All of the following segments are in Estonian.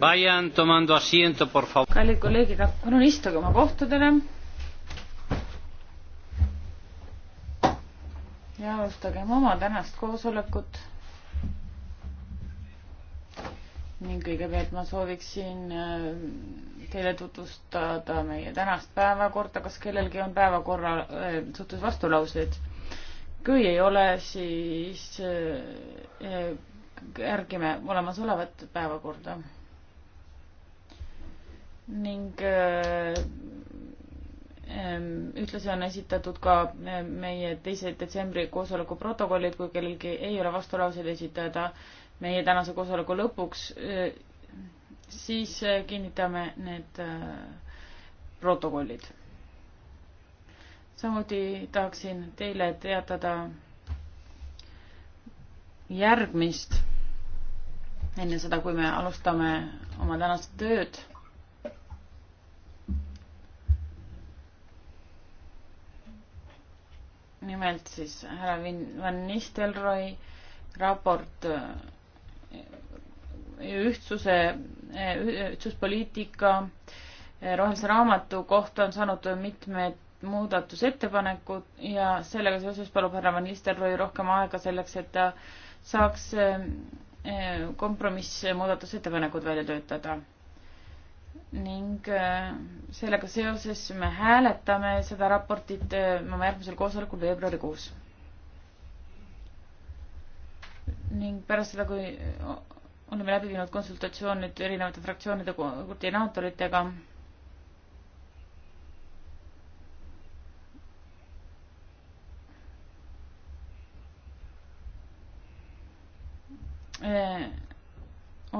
Vayan tomando asiento, por favor. kallid kolleegid, palun istuge oma kohtadele. ja alustagem oma tänast koosolekut. ning kõigepealt ma sooviksin äh, teile tutvustada meie tänast päevakorda, kas kellelgi on päevakorra äh, suhtes vastulauseid? kui ei ole, siis äh, järgime olemasolevat päevakorda ning äh, ähm, ühtlasi on esitatud ka äh, meie teise detsembri koosoleku protokollid, kui kellelgi ei ole vastulauseid esitada meie tänase koosoleku lõpuks, äh, siis kinnitame need protokollid. samuti tahaksin teile teatada järgmist, enne seda, kui me alustame oma tänast tööd nimelt siis härra Van Nistelrooy raport eh, ühtsuse, eh, ühtsuspoliitika eh, rohelise raamatu kohta on saanud mitmed muudatusettepanekud ja sellega seoses palub härra Van Nistelrooy rohkem aega selleks, et ta saaks kompromissmuudatusettepanekud välja töötada ning äh, sellega seoses me hääletame seda raportit äh, oma järgmisel koosolekul veebruarikuus. ning pärast seda, kui äh, oleme läbi viinud konsultatsioonid erinevate fraktsioonide koordinaatoritega,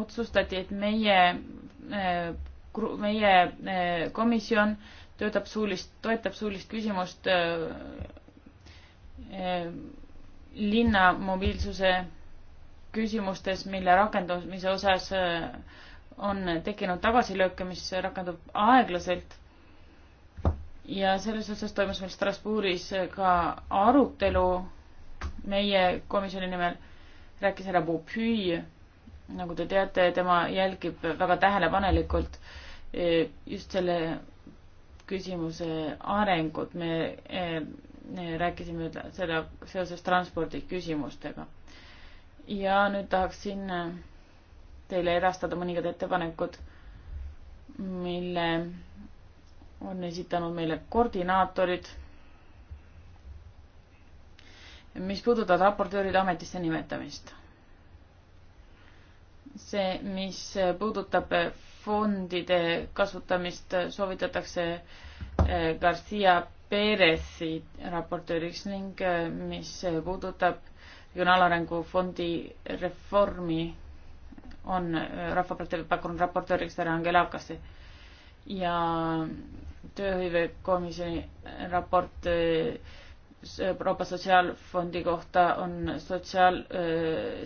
otsustati, et meie meie eh, komisjon töötab suulist, toetab suulist küsimust eh, eh, linna mobiilsuse küsimustes, mille rakendamise osas on tekkinud tagasilööke, mis rakendub aeglaselt. ja selles osas toimus meil Strasbourgis ka arutelu meie komisjoni nimel, rääkis härra Popüü nagu te teate, tema jälgib väga tähelepanelikult e, just selle küsimuse arengut, me e, rääkisime seda seoses transpordi küsimustega. ja nüüd tahaksin teile edastada mõningad ettepanekud, mille on esitanud meile koordinaatorid, mis puudutab raportööride ametisse nimetamist see, mis puudutab fondide kasutamist, soovitatakse eh, Garcia Perezi raportööriks ning eh, mis puudutab regionaalarengu fondi reformi, on eh, Rahvapartei pakkunud raportööriks härra Angela Akasi ja tööhõivekomisjoni raport äh, Euroopa Sotsiaalfondi kohta on sotsiaal,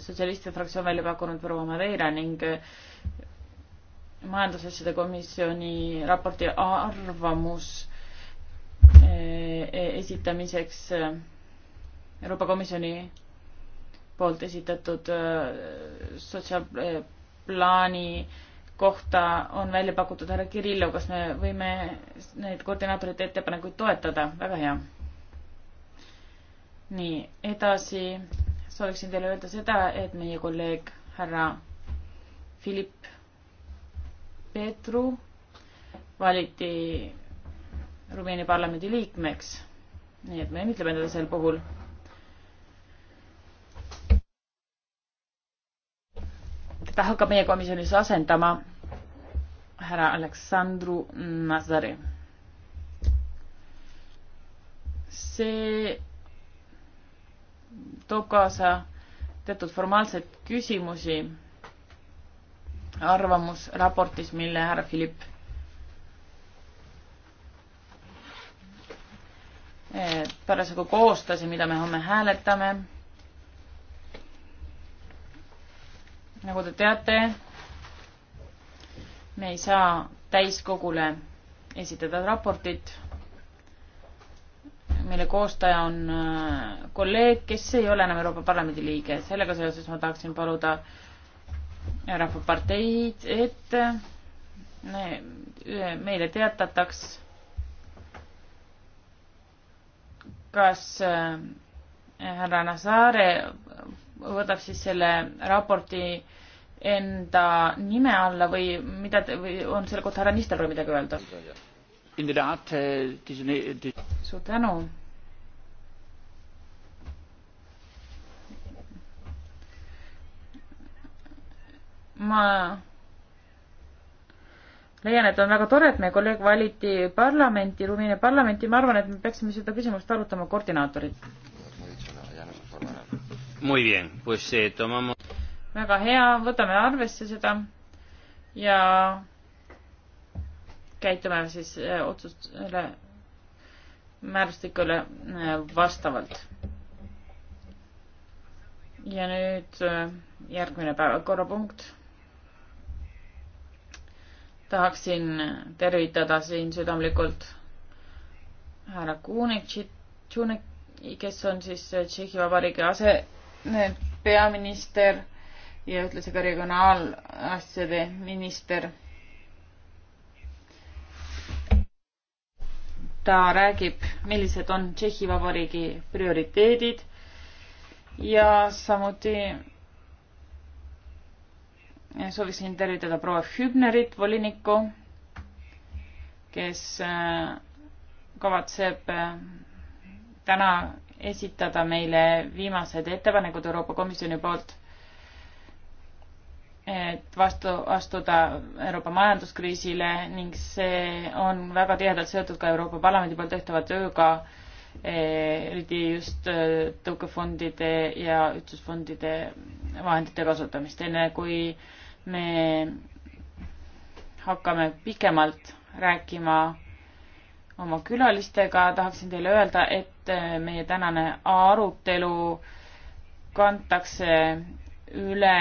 sotsialistide fraktsioon välja pakkunud proua Madeira ning majandusasjade komisjoni raporti arvamus e, esitamiseks Euroopa Komisjoni poolt esitatud sotsiaalplaani kohta on välja pakutud härra Kirillov, kas me võime neid koordinaatorite ettepanekuid toetada, väga hea nii, edasi sooviksin teile öelda seda, et meie kolleeg härra Philipp Petru valiti Rumeenia parlamendi liikmeks. nii et me õnnitleme teda sel puhul. teda hakkab meie komisjonis asendama härra Aleksandru Nazari. see toob kaasa teatud formaalseid küsimusi arvamusraportis, mille härra Philipp eh, parasjagu koostas ja mida me homme hääletame. nagu te teate, me ei saa täiskogule esitada raportit mille koostaja on äh, kolleeg, kes ei ole enam Euroopa Parlamendi liige. sellega seoses ma tahaksin paluda Rahvaparteid, et äh, äh, meile teatataks, kas härra Nazare võtab siis selle raporti enda nime alla või mida te, või on selle kohta härra Nistelrooy midagi öelda? inderdaad, eh, het is een... Het is... Suur tänu. ma leian, et on väga tore, et meie kolleeg valiti parlamenti, Rumeenia parlamenti, ma arvan, et me peaksime seda küsimust arutama koordinaatorid. Eh, väga hea, võtame arvesse seda ja käitume siis äh, otsustusele, määrustikule äh, vastavalt. ja nüüd äh, järgmine päevakorrapunkt. tahaksin tervitada siin südamlikult härra Kunitšit, kes on siis Tšehhi Vabariigi asepeaminister ja ühtlasi ka regionaalasjade minister ta räägib, millised on Tšehhi Vabariigi prioriteedid ja samuti sooviksin tervitada proua Hübnerit, volinikku, kes äh, kavatseb äh, täna esitada meile viimased ettepanekud Euroopa Komisjoni poolt et vastu astuda Euroopa majanduskriisile ning see on väga tihedalt seotud ka Euroopa Parlamendi poolt tehtava tööga, eh, eriti just eh, tõukefondide ja ühtsusfondide vahendite kasutamist, enne kui me hakkame pikemalt rääkima oma külalistega, tahaksin teile öelda, et eh, meie tänane arutelu kantakse üle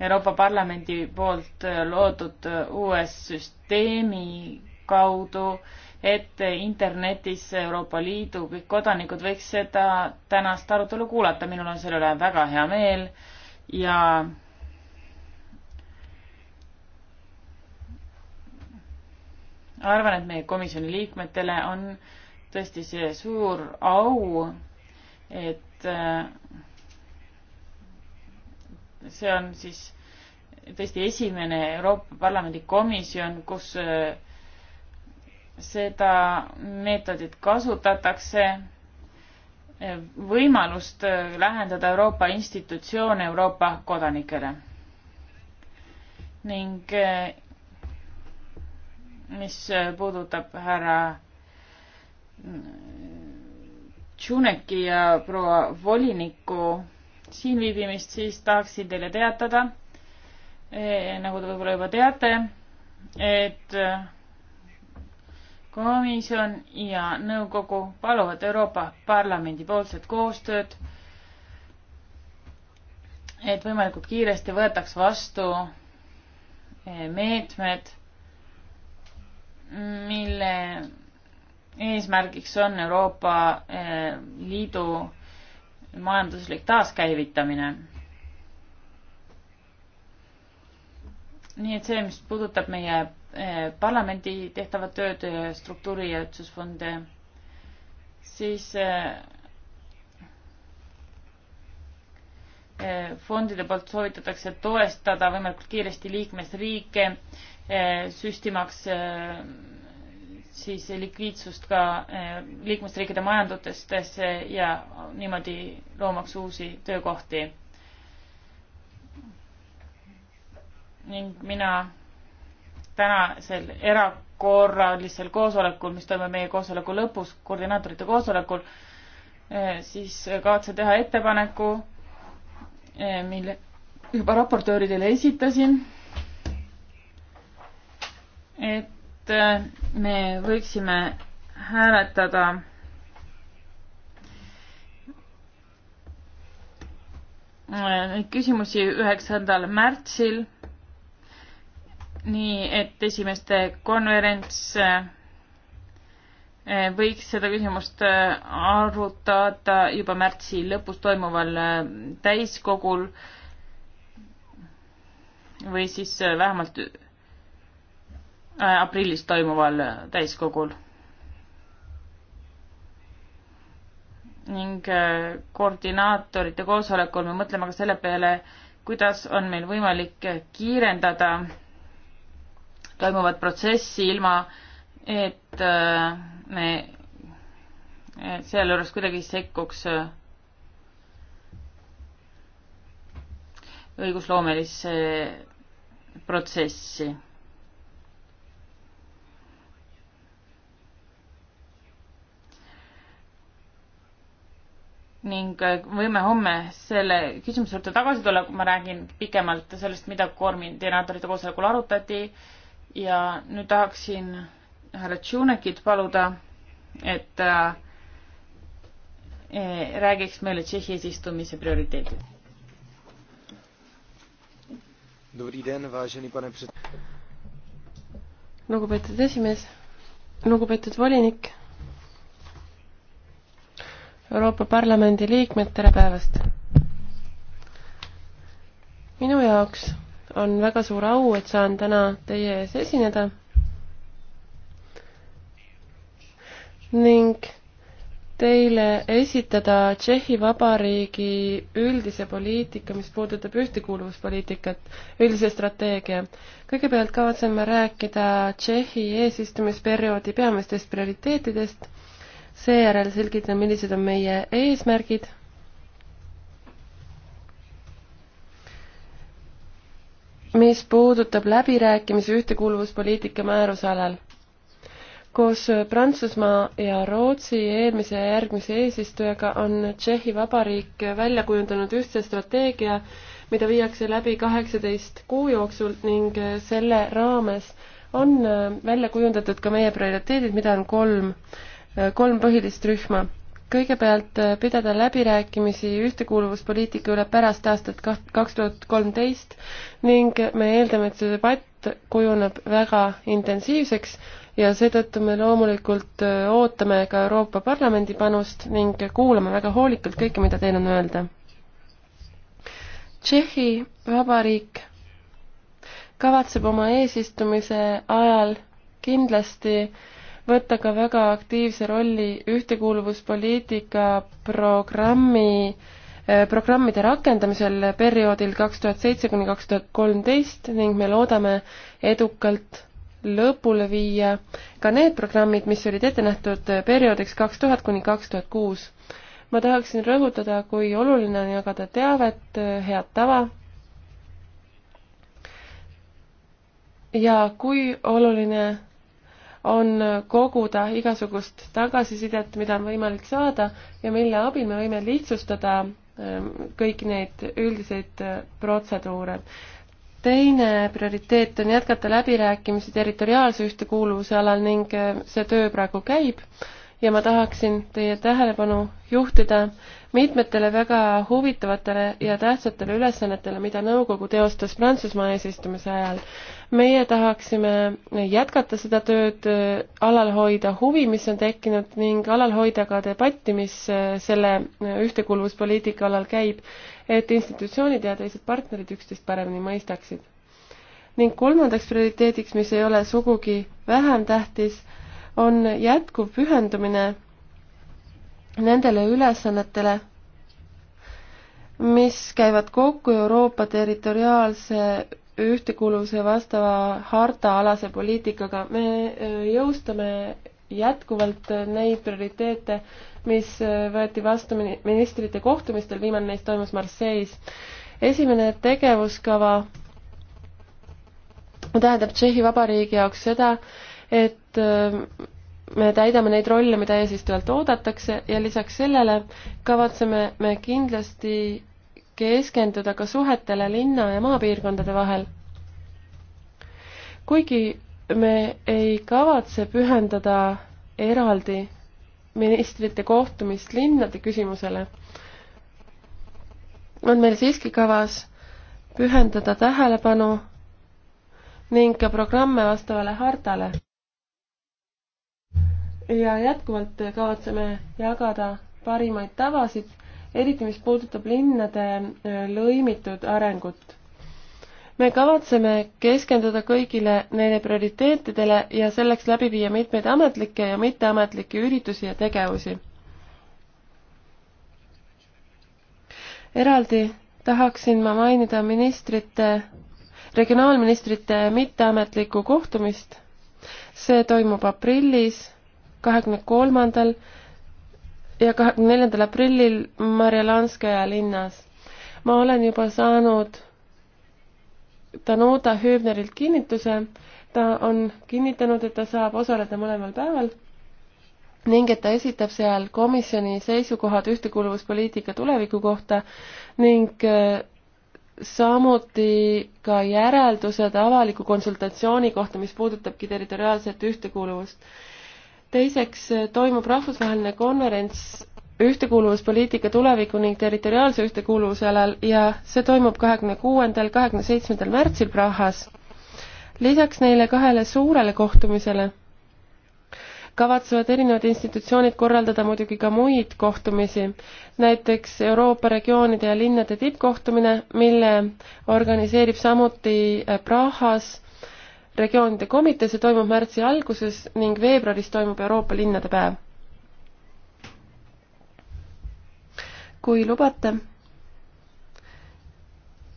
Euroopa Parlamendi poolt äh, loodud äh, uues süsteemi kaudu, et internetis Euroopa Liidu kõik kodanikud võiks seda tänast arutelu kuulata, minul on selle üle väga hea meel ja arvan, et meie komisjoni liikmetele on tõesti see suur au, et äh, see on siis tõesti esimene Euroopa Parlamendi komisjon, kus äh, seda meetodit kasutatakse, äh, võimalust äh, lähendada Euroopa institutsioone Euroopa kodanikele. ning mis puudutab härra Tšuneki ja proua volinikku siin viibimist, siis tahaksin teile teatada, eh, nagu te võib-olla juba teate, et komisjon ja nõukogu paluvad Euroopa Parlamendi poolset koostööd, et võimalikult kiiresti võetaks vastu eh, meetmed, mille eesmärgiks on Euroopa eh, Liidu majanduslik taaskäivitamine. nii et see, mis puudutab meie eh, parlamendi tehtavat tööd, eh, struktuuri ja ütsusfonde, siis eh, fondide poolt soovitatakse toestada võimalikult kiiresti liikmesriike süstimaks siis likviidsust ka eh, liikmesriikide majandutesse ja niimoodi loomaks uusi töökohti. ning mina tänasel erakorralisel koosolekul, mis toimub meie koosoleku lõpus, koordinaatorite koosolekul, eh, siis kavatsen teha ettepaneku, eh, mille juba raportööridele esitasin, et et äh, me võiksime hääletada neid küsimusi üheksandal märtsil, nii et esimeste konverents äh, võiks seda küsimust äh, arutada juba märtsi lõpus toimuval täiskogul või siis vähemalt Äh, aprillis toimuval äh, täiskogul. ning äh, koordinaatorite koosolekul me mõtleme ka selle peale, kuidas on meil võimalik kiirendada toimuvat protsessi ilma, et me et sealjuures kuidagi sekkuks õigusloomelisse protsessi ning äh, võime homme selle küsimuse juurde tagasi tulla, kui ma räägin pikemalt sellest, mida koordinaatorite koosolekul arutati ja nüüd tahaksin härra Tšunekit paluda, et äh, eh, räägiks meile Tšehhi eesistumise prioriteedid. lugupeetud esimees, lugupeetud volinik Euroopa Parlamendi liikmed, tere päevast! minu jaoks on väga suur au, et saan täna teie ees esineda ning teile esitada Tšehhi Vabariigi üldise poliitika, mis puudutab ühtekuuluvuspoliitikat, üldise strateegia. kõigepealt kavatseme rääkida Tšehhi eesistumisperioodi peamistest prioriteetidest seejärel selgitan, millised on meie eesmärgid. mis puudutab läbirääkimisi ühtekuuluvuspoliitika määruse alal. koos Prantsusmaa ja Rootsi eelmise ja järgmise eesistujaga on Tšehhi Vabariik välja kujundanud ühtse strateegia, mida viiakse läbi kaheksateist kuu jooksul ning selle raames on välja kujundatud ka meie prioriteedid, mida on kolm Äh, kolm põhilist rühma. kõigepealt äh, pidada läbirääkimisi ühtekuuluvuspoliitika üle pärast aastat kaks tuhat kolmteist ning me eeldame, et see debatt kujuneb väga intensiivseks ja seetõttu me loomulikult äh, ootame ka Euroopa Parlamendi panust ning kuulame väga hoolikalt kõike, mida teil on öelda. Tšehhi Vabariik kavatseb oma eesistumise ajal kindlasti äh, võtta ka väga aktiivse rolli ühtekuuluvuspoliitika programmi eh, programmide rakendamisel perioodil kaks tuhat seitse kuni kaks tuhat kolmteist ning me loodame edukalt lõpule viia ka need programmid, mis olid ette nähtud perioodiks kaks tuhat kuni kaks tuhat kuus. ma tahaksin rõhutada, kui oluline on jagada teavet, head tava ja kui oluline on koguda igasugust tagasisidet, mida on võimalik saada ja mille abil me võime lihtsustada ähm, kõiki neid üldiseid äh, protseduure. teine prioriteet on jätkata läbirääkimisi territoriaalse ühtekuuluvuse alal ning äh, see töö praegu käib ja ma tahaksin teie tähelepanu juhtida mitmetele väga huvitavatele ja tähtsatele ülesannetele, mida nõukogu teostas Prantsusmaa eesistumise ajal. meie tahaksime jätkata seda tööd, alal hoida huvi, mis on tekkinud ning alal hoida ka debatti, mis äh, selle äh, ühtekuuluvuspoliitika alal käib, et institutsioonid ja teised partnerid üksteist paremini mõistaksid. ning kolmandaks prioriteediks, mis ei ole sugugi vähem tähtis, on jätkuv pühendumine nendele ülesannetele, mis käivad kokku Euroopa territoriaalse ühtekuuluvuse vastava hartaalase poliitikaga. me äh, jõustame jätkuvalt neid prioriteete, mis äh, võeti vastu ministrite kohtumistel, viimane neist toimus Marseilles. esimene tegevuskava tähendab Tšehhi Vabariigi jaoks seda, et äh, me täidame neid rolle, mida eesistujalt oodatakse ja lisaks sellele kavatseme me kindlasti keskenduda ka suhetele linna ja maapiirkondade vahel. kuigi me ei kavatse pühendada eraldi ministrite kohtumist linnade küsimusele, on meil siiski kavas pühendada tähelepanu ning ka programme vastavale hardale ja jätkuvalt kavatseme jagada parimaid tavasid, eriti mis puudutab linnade äh, lõimitud arengut. me kavatseme keskenduda kõigile neile prioriteetidele ja selleks läbi viia mitmeid ametlikke ja mitteametlikke üritusi ja tegevusi. eraldi tahaksin ma mainida ministrite, regionaalministrite mitteametlikku kohtumist. see toimub aprillis kahekümne kolmandal ja kahekümne neljandal aprillil Marjalanskaja linnas. ma olen juba saanud Danuta Hübnerilt kinnituse, ta on kinnitanud, et ta saab osaleda mõlemal päeval ning et ta esitab seal komisjoni seisukohad ühtekuuluvuspoliitika tuleviku kohta ning äh, samuti ka järeldused avaliku konsultatsiooni kohta, mis puudutabki territoriaalset ühtekuuluvust teiseks äh, toimub rahvusvaheline konverents ühtekuuluvuspoliitika tuleviku ning territoriaalse ühtekuuluvuse alal ja see toimub kahekümne kuuendal, kahekümne seitsmendal märtsil Prahas. lisaks neile kahele suurele kohtumisele kavatsevad erinevad institutsioonid korraldada muidugi ka muid kohtumisi, näiteks Euroopa regioonide ja linnade tippkohtumine, mille organiseerib samuti äh, Prahas regioonide komitee, see toimub märtsi alguses ning veebruaris toimub Euroopa linnade päev. kui lubate,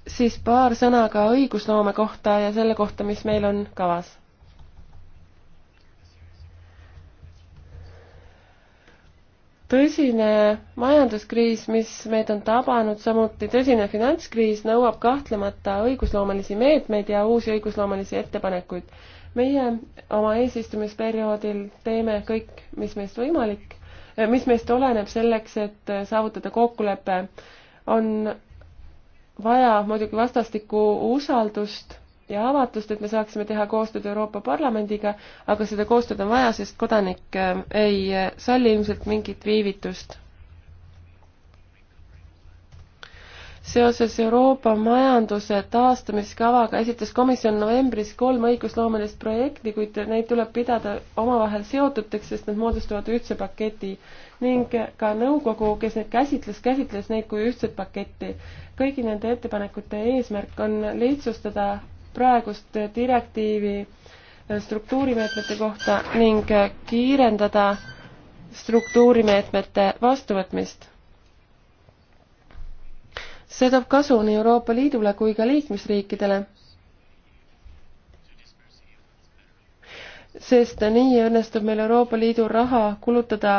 siis paar sõna ka õigusloome kohta ja selle kohta, mis meil on kavas tõsine majanduskriis, mis meid on tabanud, samuti tõsine finantskriis nõuab kahtlemata õigusloomelisi meetmeid ja uusi õigusloomelisi ettepanekuid. meie oma eesistumisperioodil teeme kõik, mis meist võimalik, eh, mis meist oleneb selleks, et saavutada kokkulepe. on vaja muidugi vastastikku usaldust ja avatust, et me saaksime teha koostööd Euroopa Parlamendiga, aga seda koostööd on vaja, sest kodanik äh, ei äh, salli ilmselt mingit viivitust. seoses Euroopa majanduse taastamiskavaga esitas komisjon novembris kolm õigusloomelist projekti, kuid neid tuleb pidada omavahel seotuteks, sest nad moodustavad ühtse paketi ning ka nõukogu, kes neid käsitles, käsitles neid kui ühtset paketti. kõigi nende ettepanekute eesmärk on lihtsustada praegust direktiivi struktuurimeetmete kohta ning kiirendada struktuurimeetmete vastuvõtmist. see toob kasu nii Euroopa Liidule kui ka liikmesriikidele, sest nii õnnestub meil Euroopa Liidu raha kulutada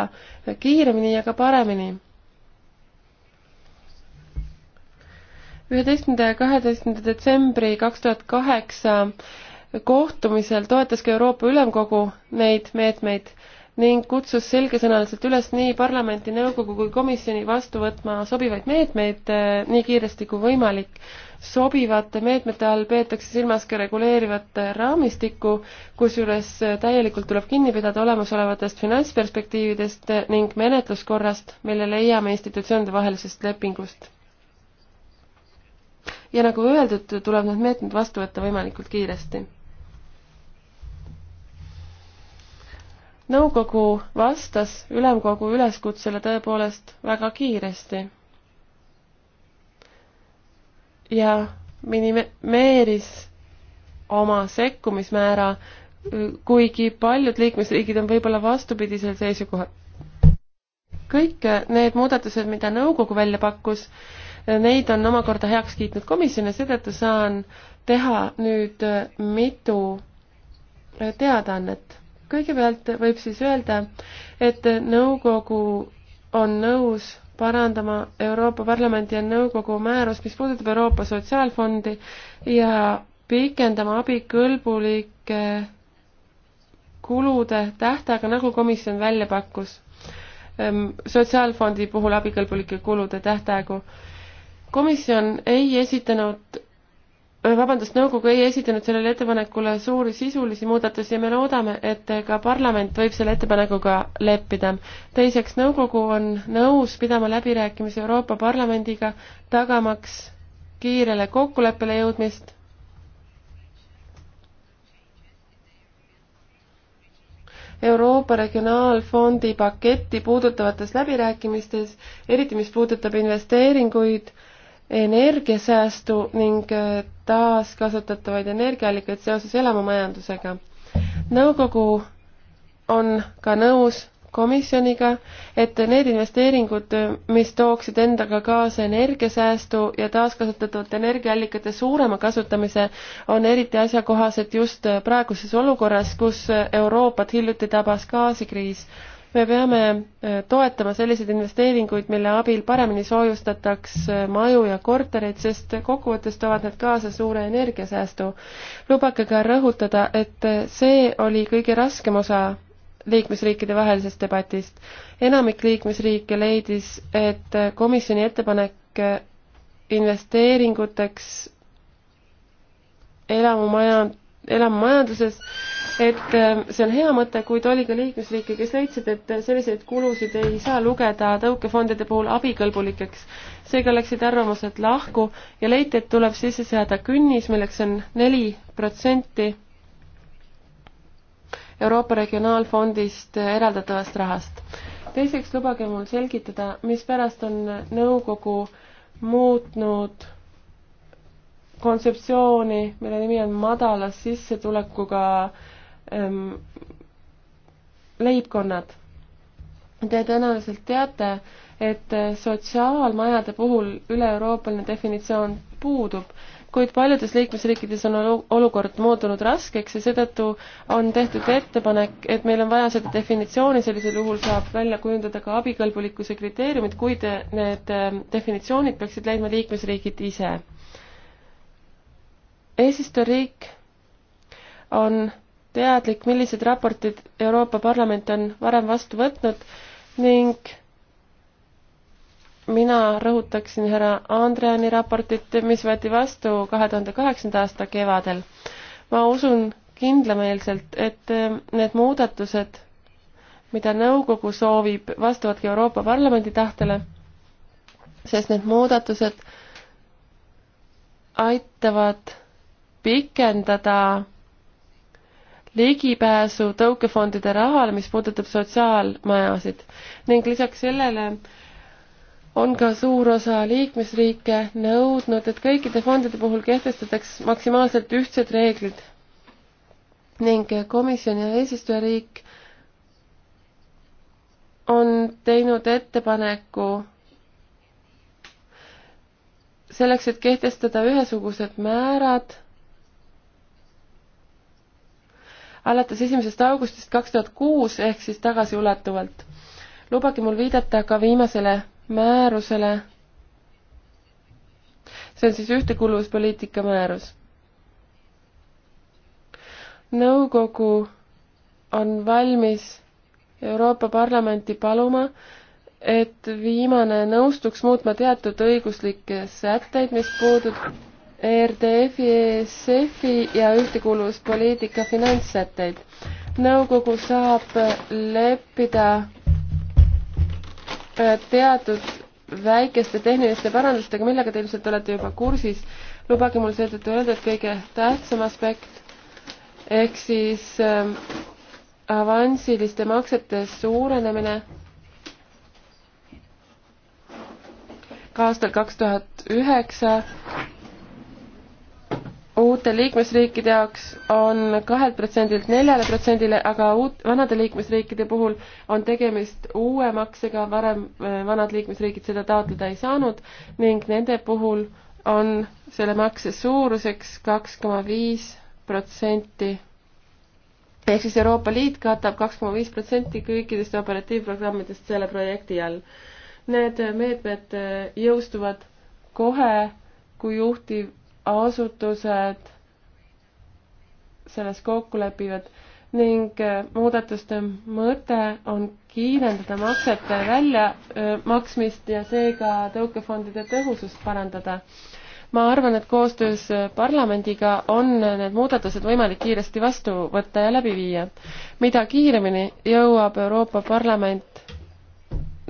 kiiremini ja ka paremini üheteistkümnenda ja kaheteistkümnenda detsembri kaks tuhat kaheksa kohtumisel toetas ka Euroopa Ülemkogu neid meetmeid ning kutsus selgesõnaliselt üles nii parlamenti, nõukogu kui komisjoni vastu võtma sobivaid meetmeid äh, nii kiiresti kui võimalik. sobivate meetmete all peetakse silmas ka reguleerivat raamistikku, kusjuures äh, täielikult tuleb kinni pidada olemasolevatest finantsperspektiividest ning menetluskorrast, mille leiame institutsioonide vahelisest lepingust ja nagu öeldud, tuleb need meetmed vastu võtta võimalikult kiiresti. nõukogu vastas ülemkogu üleskutsele tõepoolest väga kiiresti ja minimeeris oma sekkumismäära, kuigi paljud liikmesriigid on võib-olla vastupidisel seisukohal kõik need muudatused, mida nõukogu välja pakkus, Neid on omakorda heaks kiitnud komisjon ja seetõttu saan teha nüüd äh, mitu äh, teadaannet. kõigepealt võib siis öelda, et nõukogu on nõus parandama Euroopa Parlamendi ja nõukogu määrust, mis puudutab Euroopa Sotsiaalfondi ja pikendama abikõlbulike kulude tähtaega, nagu komisjon välja pakkus. Ähm, sotsiaalfondi puhul abikõlbulike kulude tähtaegu komisjon ei esitanud äh, vabandust, nõukogu ei esitanud sellele ettepanekule suuri sisulisi muudatusi ja me loodame, et ka parlament võib selle ettepanekuga leppida. teiseks, nõukogu on nõus pidama läbirääkimisi Euroopa Parlamendiga, tagamaks kiirele kokkuleppele jõudmist. Euroopa Regionaalfondi paketti puudutavates läbirääkimistes, eriti mis puudutab investeeringuid, energiasäästu ning äh, taaskasutatavaid energiaallikaid seoses elamumajandusega. nõukogu on ka nõus komisjoniga, et need investeeringud, mis tooksid endaga kaasa energiasäästu ja taaskasutatavate energiaallikate suurema kasutamise, on eriti asjakohased just praeguses olukorras, kus Euroopat hiljuti tabas gaasikriis me peame äh, toetama selliseid investeeringuid, mille abil paremini soojustataks äh, maju ja kortereid, sest kokkuvõttes toovad need kaasa suure energiasäästu. lubage ka rõhutada, et äh, see oli kõige raskem osa liikmesriikide vahelisest debatist. enamik liikmesriike leidis, et komisjoni ettepanek investeeringuteks elamumaja, elamumajanduses et äh, see on hea mõte, kuid oli ka liikmesriike, kes leidsid, et selliseid kulusid ei saa lugeda tõukefondide puhul abikõlbulikeks. seega läksid arvamused lahku ja leiti, et tuleb sisse seada künnis, milleks on neli protsenti Euroopa Regionaalfondist eraldatavast rahast. teiseks lubage mul selgitada, mispärast on nõukogu muutnud kontseptsiooni, mille nimi on madala sissetulekuga äh, ähm, leibkonnad. Te tõenäoliselt teate, et äh, sotsiaalmajade puhul üle-euroopaline definitsioon puudub, kuid paljudes liikmesriikides on olukord muutunud raskeks ja seetõttu on tehtud ettepanek, et meil on vaja seda definitsiooni, sellisel juhul saab välja kujundada ka abikõlbulikkuse kriteeriumid, kuid äh, need äh, definitsioonid peaksid leidma liikmesriigid ise. eesistujariik on teadlik, millised raportid Euroopa Parlament on varem vastu võtnud ning mina rõhutaksin härra Andreani raportit, mis võeti vastu kahe tuhande kaheksanda aasta kevadel. ma usun kindlameelselt, et need muudatused, mida nõukogu soovib, vastavad ka Euroopa Parlamendi tahtele, sest need muudatused aitavad pikendada ligipääsu tõukefondide rahale, mis puudutab sotsiaalmajasid ning lisaks sellele on ka suur osa liikmesriike nõudnud, et kõikide fondide puhul kehtestataks maksimaalselt ühtsed reeglid ning komisjon ja eesistujariik on teinud ettepaneku selleks, et kehtestada ühesugused määrad alates esimesest augustist kaks tuhat kuus ehk siis tagasiulatuvalt. lubage mul viidata ka viimasele määrusele. see on siis ühtekuuluvuspoliitika määrus. nõukogu on valmis Euroopa Parlamenti paluma, et viimane nõustuks muutma teatud õiguslikke sätteid, mis puudutab ERDF-i, ESF-i ja ühtekuuluvuspoliitika finantssätteid. nõukogu saab leppida äh, teatud väikeste tehniliste parandustega, millega te ilmselt olete juba kursis. lubage mul seetõttu öelda, et kõige tähtsam aspekt ehk siis ähm, avansiliste maksete suurenemine ka aastal kaks tuhat üheksa uute liikmesriikide jaoks on kahelt protsendilt neljale protsendile, aga uut, vanade liikmesriikide puhul on tegemist uue maksega, varem äh, vanad liikmesriigid seda taotleda ei saanud ning nende puhul on selle makse suuruseks kaks koma viis protsenti. ehk siis Euroopa Liit katab kaks koma viis protsenti kõikidest operatiivprogrammidest selle projekti all. Need meetmed äh, jõustuvad kohe, kui juhtiv asutused selles kokku lepivad ning äh, muudatuste mõte on kiirendada maksete väljamaksmist äh, ja seega tõukefondide tõhusust parandada. ma arvan, et koostöös äh, parlamendiga on need muudatused võimalik kiiresti vastu võtta ja läbi viia. mida kiiremini jõuab Euroopa Parlament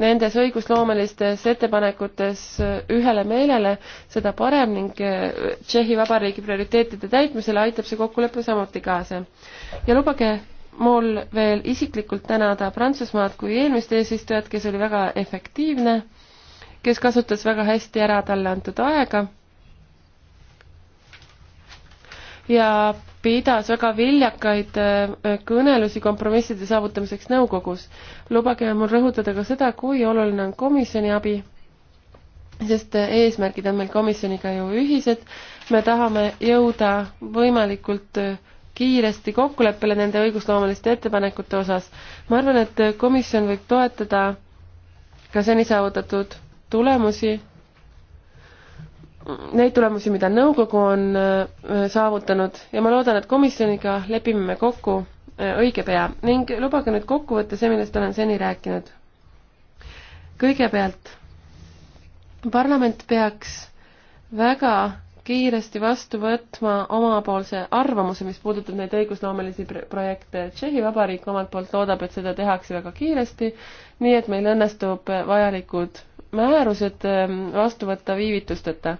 nendes õigusloomelistes ettepanekutes ühele meelele, seda parem ning äh, Tšehhi Vabariigi prioriteetide täitmisele aitab see kokkulepe samuti kaasa. ja lubage mul veel isiklikult tänada Prantsusmaad kui eelmist eesistujat, kes oli väga efektiivne, kes kasutas väga hästi ära talle antud aega ja pidas väga viljakaid äh, kõnelusi kompromisside saavutamiseks nõukogus. lubage mul rõhutada ka seda, kui oluline on komisjoni abi, sest eesmärgid on meil komisjoniga ju ühised, me tahame jõuda võimalikult äh, kiiresti kokkuleppele nende õigusloomeliste ettepanekute osas. ma arvan, et komisjon võib toetada ka seni saavutatud tulemusi neid tulemusi, mida nõukogu on äh, saavutanud ja ma loodan, et komisjoniga lepime me kokku äh, õige pea ning lubage nüüd kokku võtta see, millest olen seni rääkinud. kõigepealt, parlament peaks väga kiiresti vastu võtma omapoolse arvamuse, mis puudutab neid õigusloomelisi projekte. Tšehhi Vabariik omalt poolt loodab, et seda tehakse väga kiiresti, nii et meil õnnestub vajalikud määrused ähm, vastu võtta viivitusteta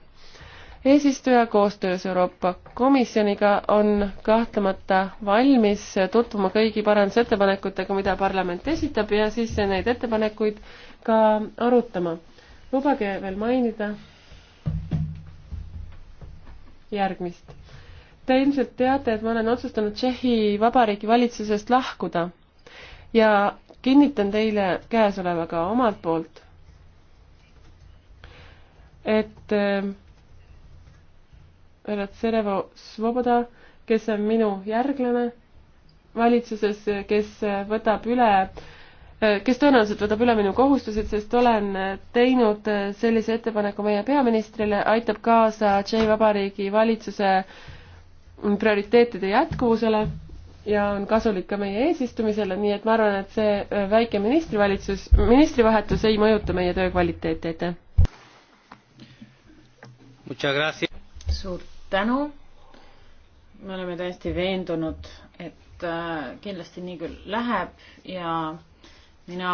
eesistuja koostöös Euroopa Komisjoniga on kahtlemata valmis tutvuma kõigi parandusettepanekutega, mida parlament esitab ja siis neid ettepanekuid ka arutama. lubage veel mainida järgmist. Te ilmselt teate, et ma olen otsustanud Tšehhi Vabariigi valitsusest lahkuda ja kinnitan teile käesolevaga omalt poolt, et Ratserevo Svoboda, kes on minu järglane valitsuses, kes võtab üle, kes tõenäoliselt võtab üle minu kohustused, sest olen teinud sellise ettepaneku meie peaministrile, aitab kaasa Tšehhi Vabariigi valitsuse prioriteetide jätkuvusele ja on kasulik ka meie eesistumisele, nii et ma arvan, et see väike ministrivalitsus, ministrivahetus ei mõjuta meie töö kvaliteeti, aitäh suur tänu. me oleme täiesti veendunud, et äh, kindlasti nii küll läheb ja mina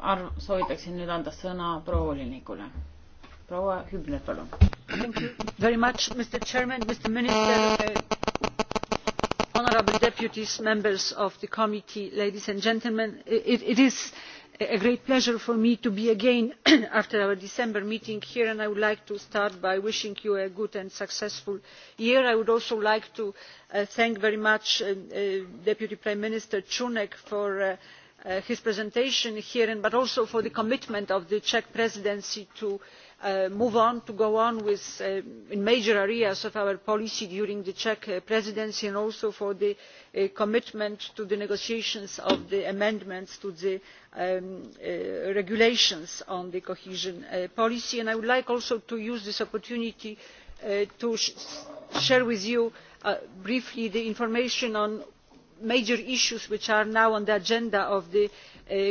arv-, soovitaksin nüüd anda sõna proua volinikule. proua Hübner, palun. Very much, Mr Chairman, Mr Minister uh, honourable deputies members of the committee ladies and gentlemen it, it is a great pleasure for me to be again after our december meeting here and i would like to start by wishing you a good and successful year. i would also like to uh, thank very much uh, uh deputy prime minister cunek for uh, uh, his presentation here and, but also for the commitment of the czech presidency to Uh, move on to go on with uh, in major areas of our policy during the czech uh, presidency and also for the commitment to the negotiations of the amendments to the um, regulations on the cohesion policy. i would like also to use this opportunity to share with you briefly the information on major issues which are now on the agenda of the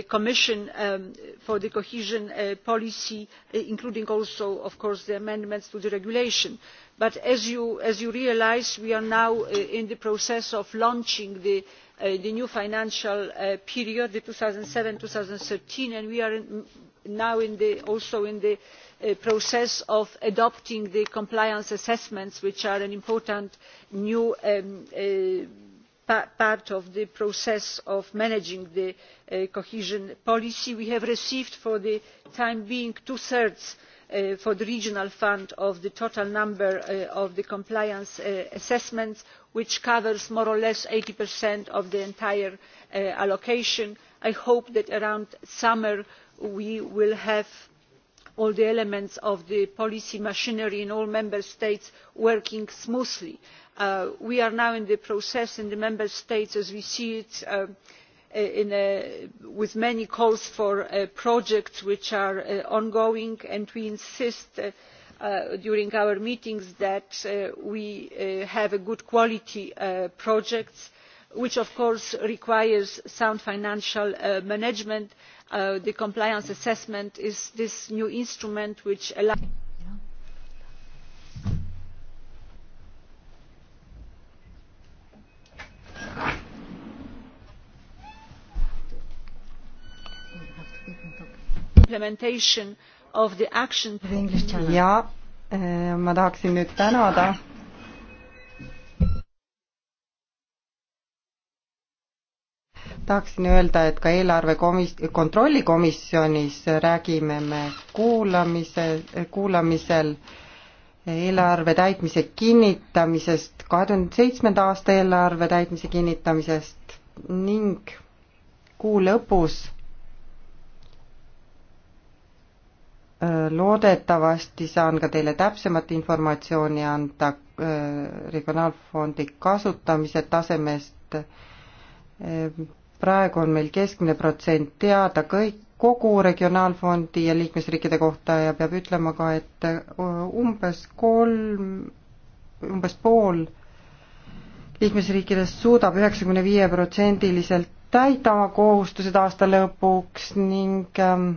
commission um, for the cohesion uh, policy uh, including also of course the amendments to the regulation but as you, you realise we are now uh, in the process of launching the, uh, the new financial period the two thousand and seven two thousand and thirteen and we are in, now in the, also in the process of adopting the compliance assessments which are an important new um, part of the process of managing the uh, cohesion policy. we have received for the time being two thirds uh, for the regional fund of the total number uh, of the compliance uh, assessments which covers more or less eighty of the entire uh, allocation. i hope that around summer we will have all the elements of the policy machinery in all member states working smoothly. Uh, we are now in the process in the member states as we see it uh, uh a, with many calls for uh, projects which are uh, ongoing and we insist uh, during our meetings that we have good quality projects which of course requires sound financial management. the compliance assessment is this new instrument which allows implementation of the action ja eh, ma tahaksin nüüd tänada tahaksin öelda, et ka eelarve komis-, kontrollikomisjonis räägime me kuulamise, kuulamisel eelarve täitmise kinnitamisest, kahe tuhande seitsmenda aasta eelarve täitmise kinnitamisest ning kuu lõpus loodetavasti saan ka teile täpsemat informatsiooni anda äh, regionaalfondi kasutamise tasemest. Äh, praegu on meil keskmine protsent teada kõik, kogu regionaalfondi ja liikmesriikide kohta ja peab ütlema ka, et äh, umbes kolm, umbes pool liikmesriikidest suudab üheksakümne viie protsendiliselt täita oma kohustused aasta lõpuks ning ähm,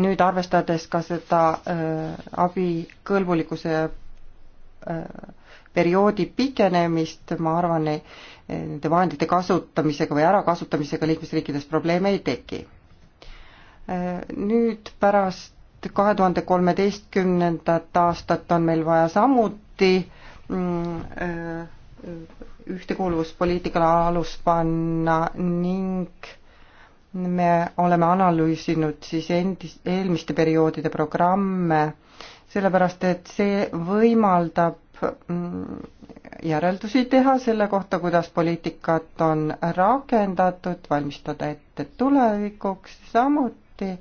nüüd arvestades ka seda äh, abi kõlbulikkuse äh, perioodi pikenemist, ma arvan, äh, nende vahendite kasutamisega või ärakasutamisega liikmesriikides probleeme ei teki. Nüüd pärast kahe tuhande kolmeteistkümnendat aastat on meil vaja samuti mm, ühtekuuluvuspoliitikale alus panna ning me oleme analüüsinud siis endis, eelmiste perioodide programme, sellepärast et see võimaldab mm, järeldusi teha selle kohta, kuidas poliitikat on rakendatud, valmistada ette tulevikuks, samuti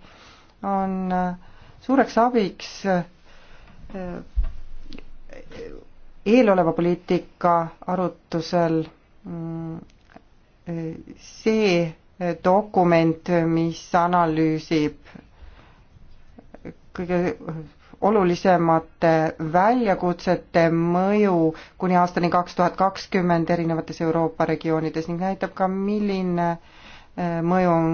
on äh, suureks abiks äh, eeloleva poliitika arutusel mm, äh, see, dokument, mis analüüsib kõige olulisemate väljakutsete mõju kuni aastani kaks tuhat kakskümmend erinevates Euroopa regioonides ning näitab ka, milline eh, mõju on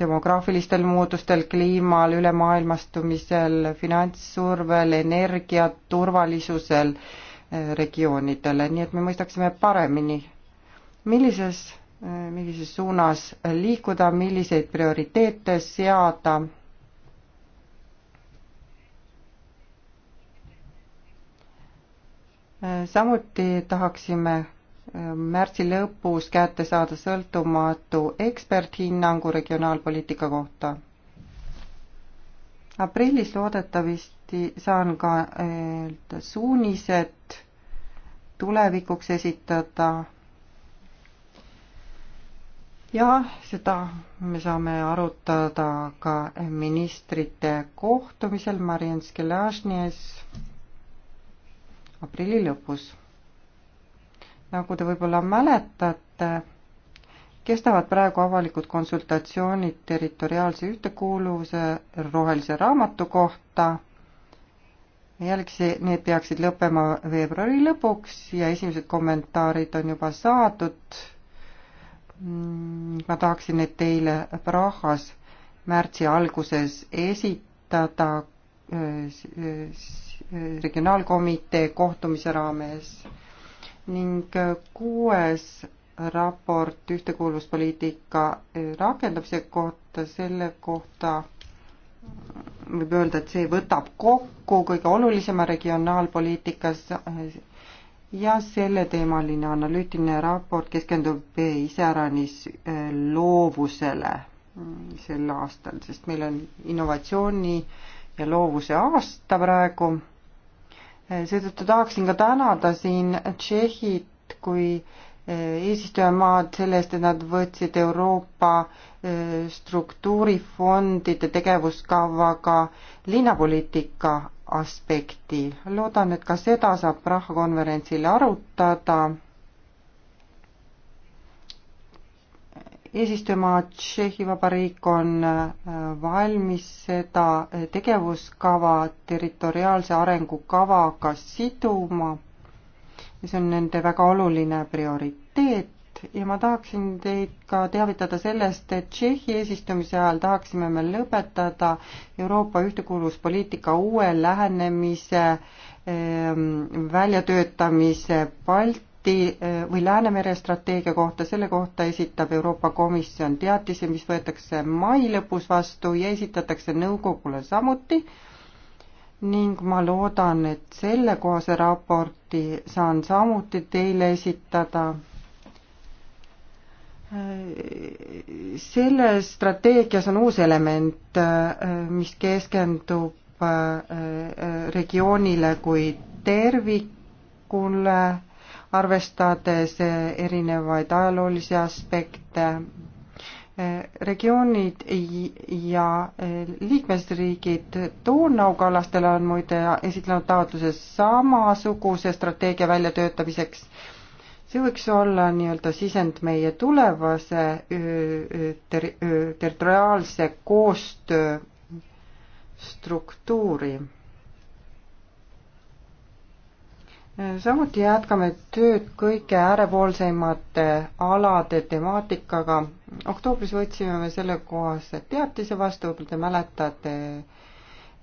demograafilistel muutustel, kliimal, ülemaailmastumisel, finantssurvel, energiaturvalisusel eh, regioonidele, nii et me mõistaksime paremini, millises Äh, millises suunas liikuda, milliseid prioriteete seada. Äh, samuti tahaksime äh, märtsi lõpus kätte saada sõltumatu eksperthinnangu regionaalpoliitika kohta. aprillis loodetavasti saan ka öelda suunised tulevikuks esitada ja seda me saame arutada ka ministrite kohtumisel Marianne Skelažnies aprilli lõpus. nagu te võib-olla mäletate, kestavad praegu avalikud konsultatsioonid territoriaalse ühtekuuluvuse rohelise raamatu kohta jälgsi, need peaksid lõppema veebruari lõpuks ja esimesed kommentaarid on juba saadud Mm, ma tahaksin need teile Prahas märtsi alguses esitada äh, äh, regionaalkomitee kohtumise raames ning äh, kuues raport ühtekuuluvuspoliitika rakendamise kohta, selle kohta võib öelda, et see võtab kokku kõige olulisema regionaalpoliitikas ja selleteemaline analüütiline raport keskendub iseäranis äh, loovusele mm, sel aastal, sest meil on innovatsiooni ja loovuse aasta praegu. Äh, seetõttu tahaksin ka tänada siin Tšehhit kui äh, eesistujamaad selle eest, et nad võtsid Euroopa struktuurifondide tegevuskavaga linnapoliitika aspekti. loodan, et ka seda saab rahvakonverentsil arutada. eesistujamaa Tšehhi Vabariik on äh, valmis seda äh, tegevuskava territoriaalse arengukavaga siduma. see on nende väga oluline prioriteet ja ma tahaksin teid ka teavitada sellest, et Tšehhi eesistumise ajal tahaksime me lõpetada Euroopa ühtekuuluvuspoliitika uue lähenemise ehm, väljatöötamise Balti eh, või Läänemere strateegia kohta, selle kohta esitab Euroopa Komisjon teatise, mis võetakse mai lõpus vastu ja esitatakse nõukogule samuti ning ma loodan, et sellekohase raporti saan samuti teile esitada selles strateegias on uus element, mis keskendub äh, äh, regioonile kui tervikule, arvestades äh, erinevaid ajaloolisi aspekte. regioonid ja liikmesriigid Donau kallastel on muide esitlenud taotluse samasuguse strateegia väljatöötamiseks see võiks olla nii-öelda sisend meie tulevase ter-, territoriaalse koostöö struktuuri. samuti jätkame tööd kõige äärepoolseimate alade temaatikaga. oktoobris võtsime me sellekohase teatise vastu, võib-olla te mäletate,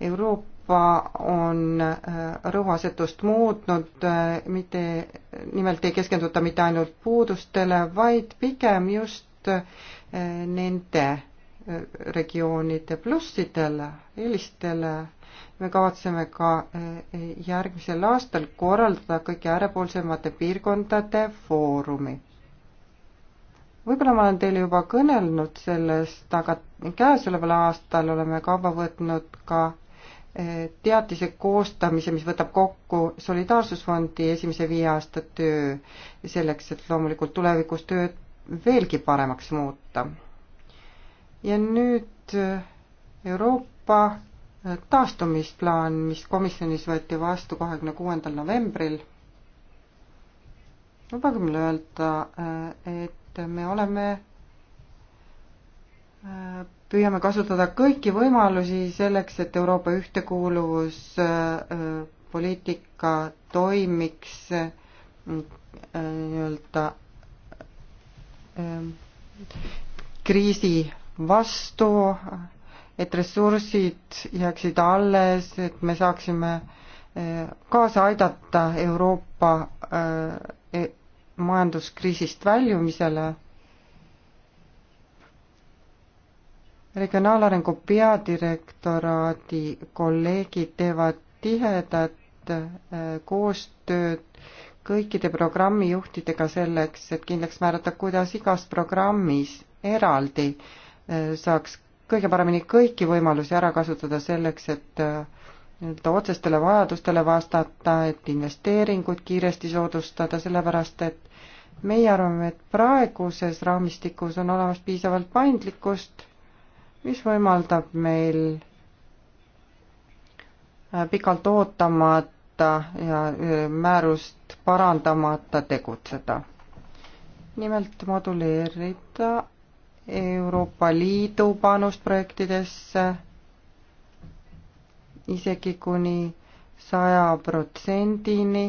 Euroopa Euroopa on äh, rõhuasetust muutnud, äh, mitte, nimelt ei keskenduta mitte ainult puudustele, vaid pigem just äh, nende regioonide plussidele, eelistele. me kavatseme ka järgmisel aastal korraldada kõige äärepoolsemate piirkondade foorumi võib-olla ma olen teile juba kõnelnud sellest, aga käesoleval aastal oleme kaua võtnud ka teatise koostamise, mis võtab kokku Solidaarsusfondi esimese viie aasta töö, selleks et loomulikult tulevikus tööd veelgi paremaks muuta. ja nüüd Euroopa taastumisplaan, mis komisjonis võeti vastu kahekümne kuuendal novembril. lubage mulle öelda, et me oleme äh, püüame kasutada kõiki võimalusi selleks, et Euroopa ühtekuuluvuspoliitika äh, toimiks äh, nii-öelda äh, kriisi vastu, et ressursid jääksid alles, et me saaksime kaasa aidata Euroopa e-, majanduskriisist väljumisele regionaalarengu peadirektoraadi kolleegid teevad tihedat äh, koostööd kõikide programmijuhtidega selleks, et kindlaks määrata, kuidas igas programmis eraldi äh, saaks kõige paremini kõiki võimalusi ära kasutada selleks, et äh, nii-öelda otsestele vajadustele vastata, et investeeringuid kiiresti soodustada, sellepärast et meie arvame, et praeguses raamistikus on olemas piisavalt paindlikkust mis võimaldab meil äh, pikalt ootamata ja äh, määrust parandamata tegutseda. nimelt moduleerida Euroopa Liidu panust projektidesse isegi kuni saja protsendini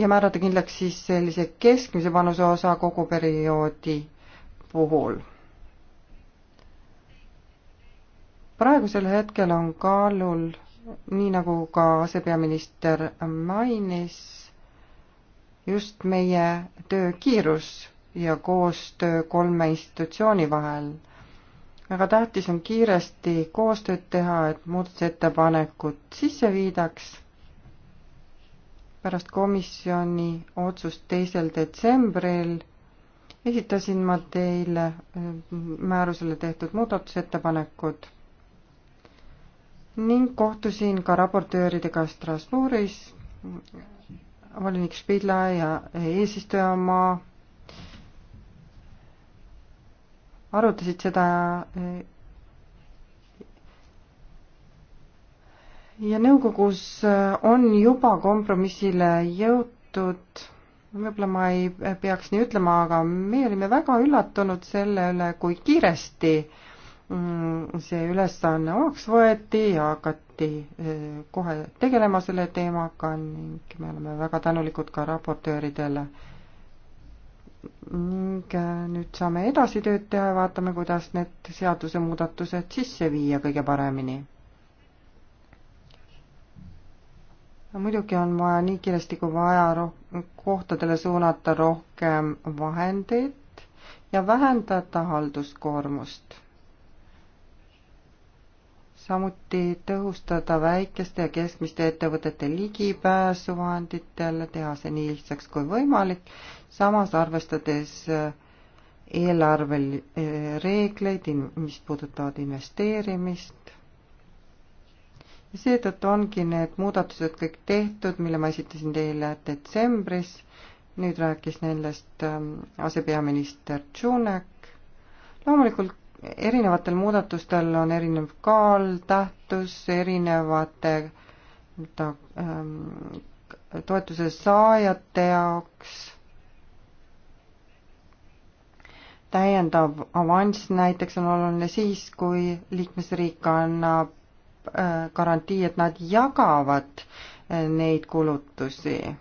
ja määrata kindlaks siis sellise keskmise panuse osa kogu perioodi puhul. praegusel hetkel on kaalul, nii nagu ka asepeaminister mainis, just meie töö kiirus ja koostöö kolme institutsiooni vahel. väga tähtis on kiiresti koostööd teha, et muudatusettepanekud sisse viidaks pärast komisjoni otsust teisel detsembril esitasin ma teile äh, määrusele tehtud muudatusettepanekud ning kohtusin ka raportööridega Strasbourgis, volinik Spidla ja eesistujamaa arutasid seda äh, ja nõukogus äh, on juba kompromissile jõutud, võib-olla ma ei äh, peaks nii ütlema, aga meie olime väga üllatunud selle üle, kui kiiresti mm, see ülesanne omaks võeti ja hakati äh, kohe tegelema selle teemaga ning me oleme väga tänulikud ka raportööridele. ning nüüd saame edasi tööd teha ja vaatame, kuidas need seadusemuudatused sisse viia kõige paremini muidugi on vaja nii kiiresti kui vaja kohtadele suunata rohkem vahendeid ja vähendada halduskoormust. samuti tõhustada väikeste ja keskmiste ettevõtete ligipääsu vahenditele, teha see nii lihtsaks kui võimalik, samas arvestades eelarvel eh, reegleid, mis puudutavad investeerimist, seetõttu ongi need muudatused kõik tehtud, mille ma esitasin teile detsembris. nüüd rääkis nendest ähm, asepeaminister Tšunek. loomulikult erinevatel muudatustel on erinev kaal, tähtus, erinevate ta, ähm, toetuse saajate jaoks täiendav avanss näiteks on oluline siis, kui liikmesriik annab Äh, garantii, et nad jagavad äh, neid kulutusi.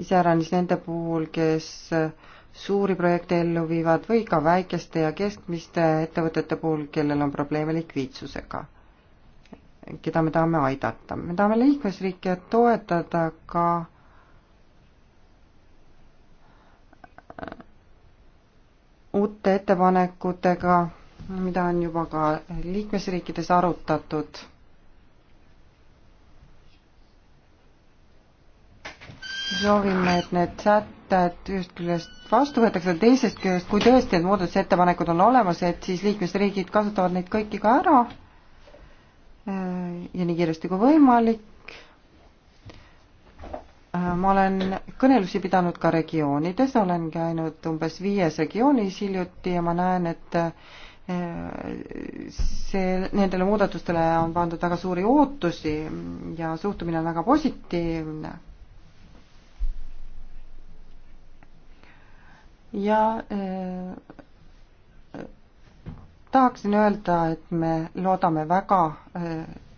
iseäranis nende puhul, kes äh, suuri projekte ellu viivad või ka väikeste ja keskmiste ettevõtete puhul, kellel on probleeme likviidsusega, keda me tahame aidata. me tahame liikmesriike toetada ka uute ettepanekutega mida on juba ka liikmesriikides arutatud. soovime, et need sätted ühest küljest vastu võetakse, teisest küljest, kui tõesti need muudatusettepanekud on olemas, et siis liikmesriigid kasutavad neid kõiki ka ära äh, ja nii kiiresti kui võimalik. Äh, ma olen kõnelusi pidanud ka regioonides, olen käinud umbes viies regioonis hiljuti ja ma näen, et äh, see, nendele muudatustele on pandud väga suuri ootusi ja suhtumine on väga positiivne. ja eh, tahaksin öelda, et me loodame väga äh,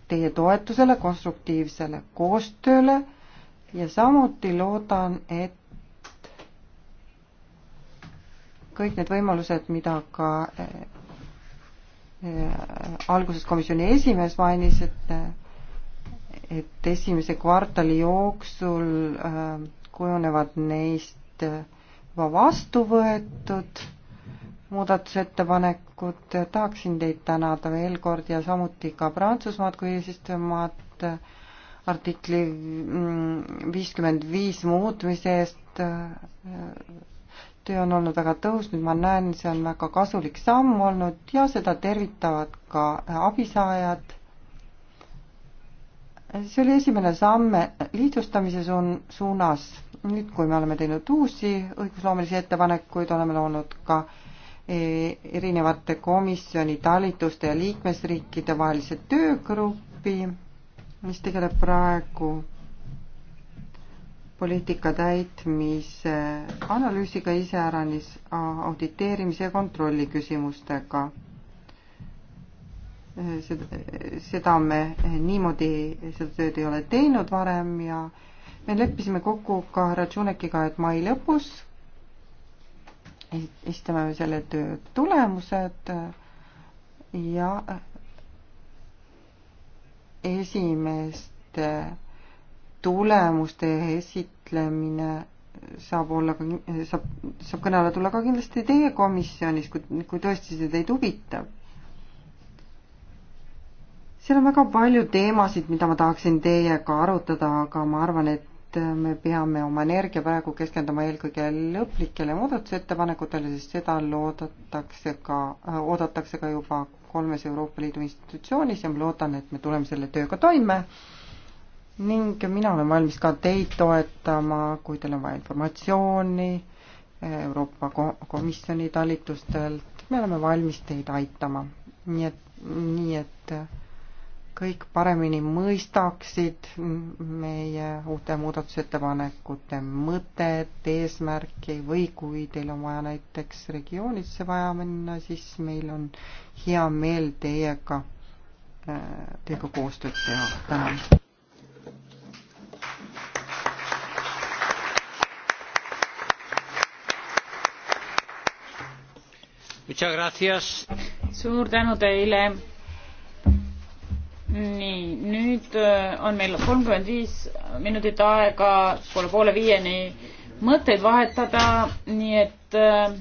teie toetusele, konstruktiivsele koostööle ja samuti loodan, et kõik need võimalused, mida ka eh, Äh, alguses komisjoni esimees mainis, et äh, et esimese kvartali jooksul äh, kujunevad neist juba vastu võetud muudatusettepanekud, tahaksin teid tänada veel kord ja samuti ka Prantsusmaad kui eesistujamaad artikli mm, viiskümmend viis muutmise eest töö on olnud väga tõhus, nüüd ma näen, see on väga kasulik samm olnud ja seda tervitavad ka abisaajad. see oli esimene samm lihtsustamise suunas. nüüd, kui me oleme teinud uusi õigusloomelisi ettepanekuid, oleme loonud ka e, erinevate komisjoni talituste ja liikmesriikide vahelise töögrupi, mis tegeleb praegu poliitika täitmise analüüsiga iseäranis auditeerimise ja kontrolli küsimustega. seda, seda me niimoodi, seda tööd ei ole teinud varem ja me leppisime kokku ka härra Tšunekiga, et mai lõpus esitame selle töö tulemused ja esimeste tulemuste esitlemine saab olla ka, saab, saab kõne alla tulla ka kindlasti teie komisjonis, kui, kui tõesti see teid huvitab. seal on väga palju teemasid, mida ma tahaksin teiega arutada, aga ma arvan, et me peame oma energia praegu keskenduma eelkõige lõplikele muudatusettepanekutele, sest seda loodetakse ka, oodatakse ka juba kolmes Euroopa Liidu institutsioonis ja ma loodan, et me tuleme selle tööga toime ning mina olen valmis ka teid toetama, kui teil on vaja informatsiooni eh, Euroopa Komisjoni talitustelt, me oleme valmis teid aitama. nii et, nii et kõik paremini mõistaksid meie uute muudatusettepanekute mõtet, eesmärki või kui teil on vaja näiteks regioonidesse vaja minna, siis meil on hea meel teiega, eh, teiega koostööd teha. tänan! suur tänu teile. nii, nüüd äh, on meil kolmkümmend viis minutit aega poole poole viieni mõtteid vahetada, nii et äh,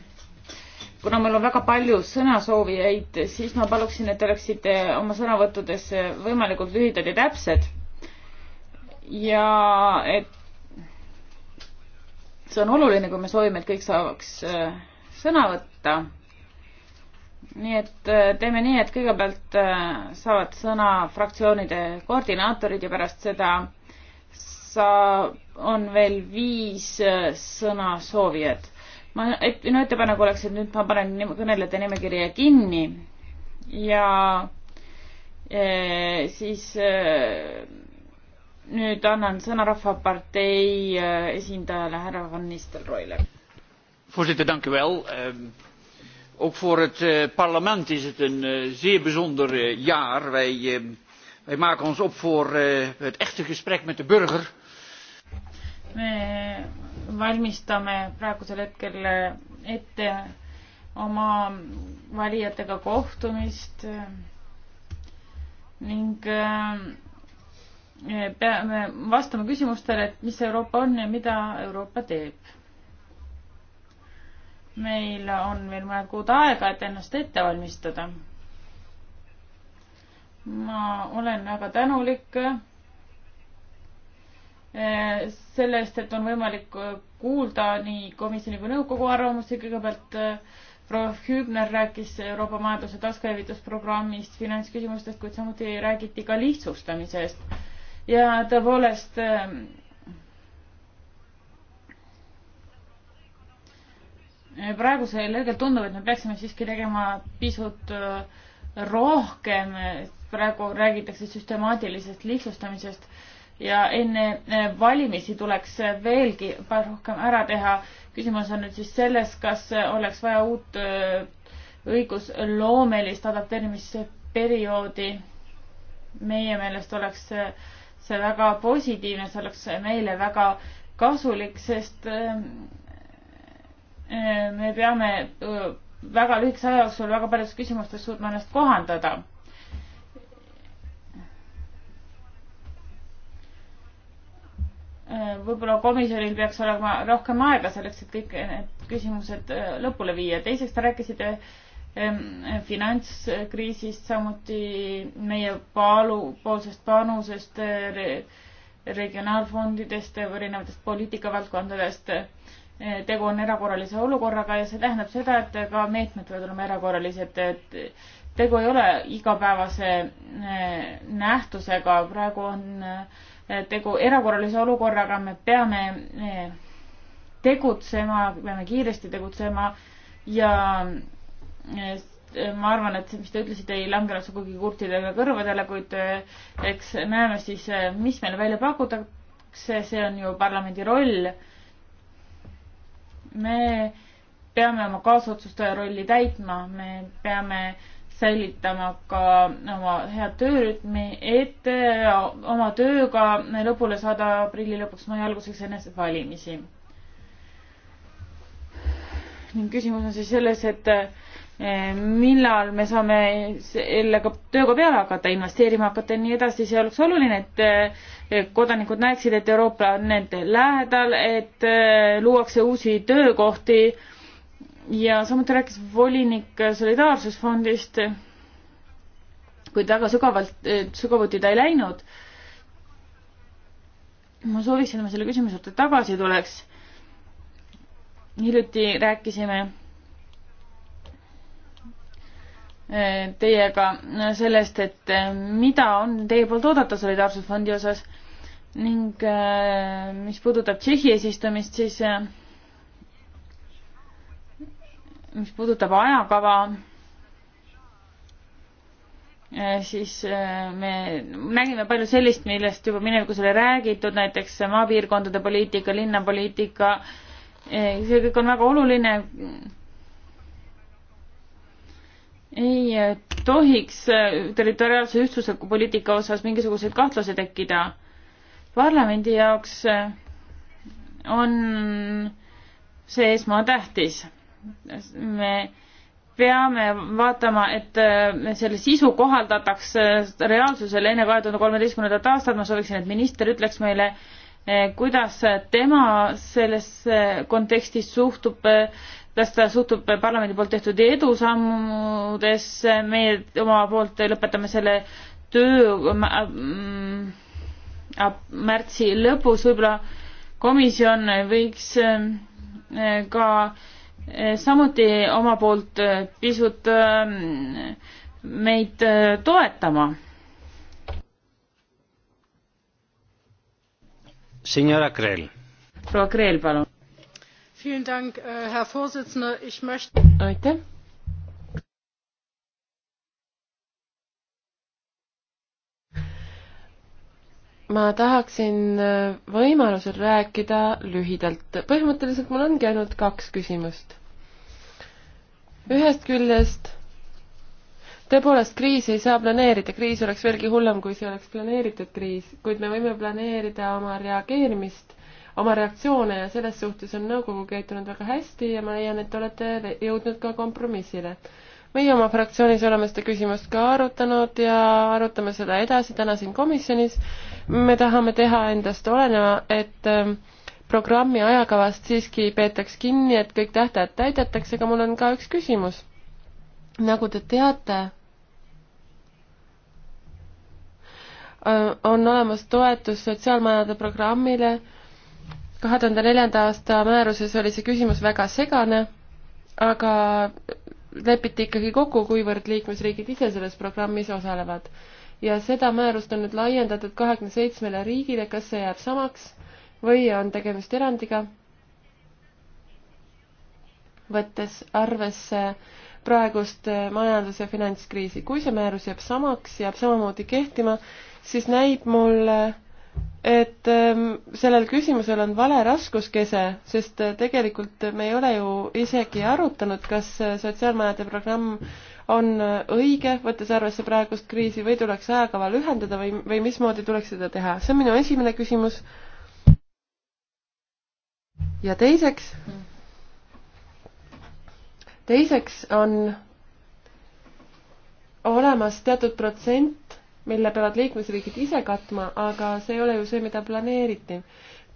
kuna meil on väga palju sõnasoovijaid, siis ma paluksin, et te oleksite oma sõnavõttudes võimalikult lühidad ja täpsed. ja et see on oluline, kui me soovime, et kõik saaks äh, sõna võtta nii et äh, teeme nii, et kõigepealt äh, saavad sõna fraktsioonide koordinaatorid ja pärast seda sa-, on veel viis äh, sõnasoovijat. ma, et minu ettepanek oleks, et nüüd ma panen kõnelejate nimekirja kinni ja e, siis e, nüüd annan sõna Rahvapartei esindajale härra Van Nistelrooile. voorzitter, dank u wel uh ook voor het eh, parlement is het een eh, zeer bijzonder eh, jaar. Wij, wij maken ons op voor het echte gesprek met de burger. me valmistame praegusel hetkel ette oma valijatega kohtumist ning peame vastama küsimustele, et mis Euroopa on ja mida Euroopa teeb meil on veel mõned kuud aega, et ennast ette valmistada. ma olen väga tänulik eh, selle eest, et on võimalik kuulda nii komisjoni kui nõukogu arvamusi, kõigepealt eh, proua Hübner rääkis Euroopa majanduse taaskäivitusprogrammist, finantsküsimustest, kuid samuti räägiti ka lihtsustamisest. ja tõepoolest eh, praegusel hetkel tundub, et me peaksime siiski tegema pisut äh, rohkem, praegu räägitakse süstemaatilisest lihtsustamisest ja enne äh, valimisi tuleks veelgi rohkem ära teha. küsimus on nüüd siis selles, kas oleks vaja uut äh, õigusloomelist adapteerimisperioodi. meie meelest oleks see väga positiivne, see oleks meile väga kasulik, sest me peame väga lühikese aja jooksul väga paljudes küsimustes suutma ennast kohandada. võib-olla komisjonil peaks olema rohkem aega selleks, et kõik need küsimused lõpule viia. teiseks te rääkisite finantskriisist, samuti meie paalu, poolsest panusest, regionaalfondidest, erinevatest poliitikavaldkondadest Eh, tegu on erakorralise olukorraga ja see tähendab seda, et ka meetmed võivad olema erakorralised, et tegu ei ole igapäevase eh, nähtusega, praegu on eh, tegu erakorralise olukorraga, me peame tegutsema, peame kiiresti tegutsema ja ma arvan, et see, mis te ütlesite, ei langenud sugugi kurtidele kõrvadele, kuid eks näeme siis, mis meile välja pakutakse, see on ju parlamendi roll me peame oma kaasotsustaja rolli täitma, me peame säilitama ka oma head töörütmi, et äh, oma tööga lõpule saada aprilli lõpuks, mai alguseks enne valimisi. ning küsimus on siis selles, et äh, Eh, millal me saame sellega tööga peale hakata, investeerima hakata ja nii edasi, see oleks oluline, et eh, kodanikud näeksid, et Euroopa on nende lähedal, et eh, luuakse uusi töökohti ja samuti rääkis volinik Solidaarsusfondist, kuid väga sügavalt, sügavuti ta ei läinud. ma sooviksin, et ma selle küsimuse juurde tagasi tuleks. hiljuti rääkisime teiega sellest, et eh, mida on teie poolt oodata solidaarsusfondi osas ning eh, mis puudutab Tšehhi eesistumist, siis eh, mis puudutab ajakava, siis me nägime palju sellist, millest juba minevikus oli räägitud, näiteks maapiirkondade poliitika, linnapoliitika, see kõik on väga oluline ei eh, tohiks eh, territoriaalse ühtsuse poliitika osas mingisuguseid kahtlusi tekkida. parlamendi jaoks eh, on see esmatähtis. me peame vaatama, et selle sisu kohaldataks reaalsusele enne kahe tuhande kolmeteistkümnendat aastat, ma sooviksin, et minister ütleks meile, kuidas tema selles kontekstis suhtub kuidas ta suhtub parlamendi poolt tehtud edusammudesse, meie oma poolt lõpetame selle töö mm, märtsi lõpus, võib-olla komisjon võiks äh, ka äh, samuti oma poolt äh, pisut meid toetama. proua Kreel, palun Äh, aitäh! ma tahaksin äh, võimalusel rääkida lühidalt. põhimõtteliselt mul ongi ainult kaks küsimust. ühest küljest tõepoolest, kriisi ei saa planeerida, kriis oleks veelgi hullem, kui see oleks planeeritud kriis, kuid me võime planeerida oma reageerimist oma reaktsioone ja selles suhtes on nõukogu käitunud väga hästi ja ma leian, et olete jõudnud ka kompromissile. meie oma fraktsioonis oleme seda küsimust ka arutanud ja arutame seda edasi täna siin komisjonis. me tahame teha endast oleneva, et ähm, programmi ajakavast siiski peetaks kinni, et kõik tähtajad täidetakse, aga mul on ka üks küsimus. nagu te teate, äh, on olemas toetus sotsiaalmajade programmile kahe tuhande neljanda aasta määruses oli see küsimus väga segane, aga lepiti ikkagi kokku, kuivõrd liikmesriigid ise selles programmis osalevad. ja seda määrust on nüüd laiendatud kahekümne seitsmele riigile, kas see jääb samaks või on tegemist erandiga? võttes arvesse praegust majandus- ja finantskriisi. kui see määrus jääb samaks, jääb samamoodi kehtima, siis näib mulle et ähm, sellel küsimusel on vale raskuskese, sest äh, tegelikult me ei ole ju isegi arutanud, kas äh, sotsiaalmajade programm on äh, õige, võttes arvesse praegust kriisi, või tuleks ajakava lühendada või, või mismoodi tuleks seda teha, see on minu esimene küsimus. ja teiseks, teiseks on olemas teatud protsent mille peavad liikmesriigid ise katma, aga see ei ole ju see, mida planeeriti.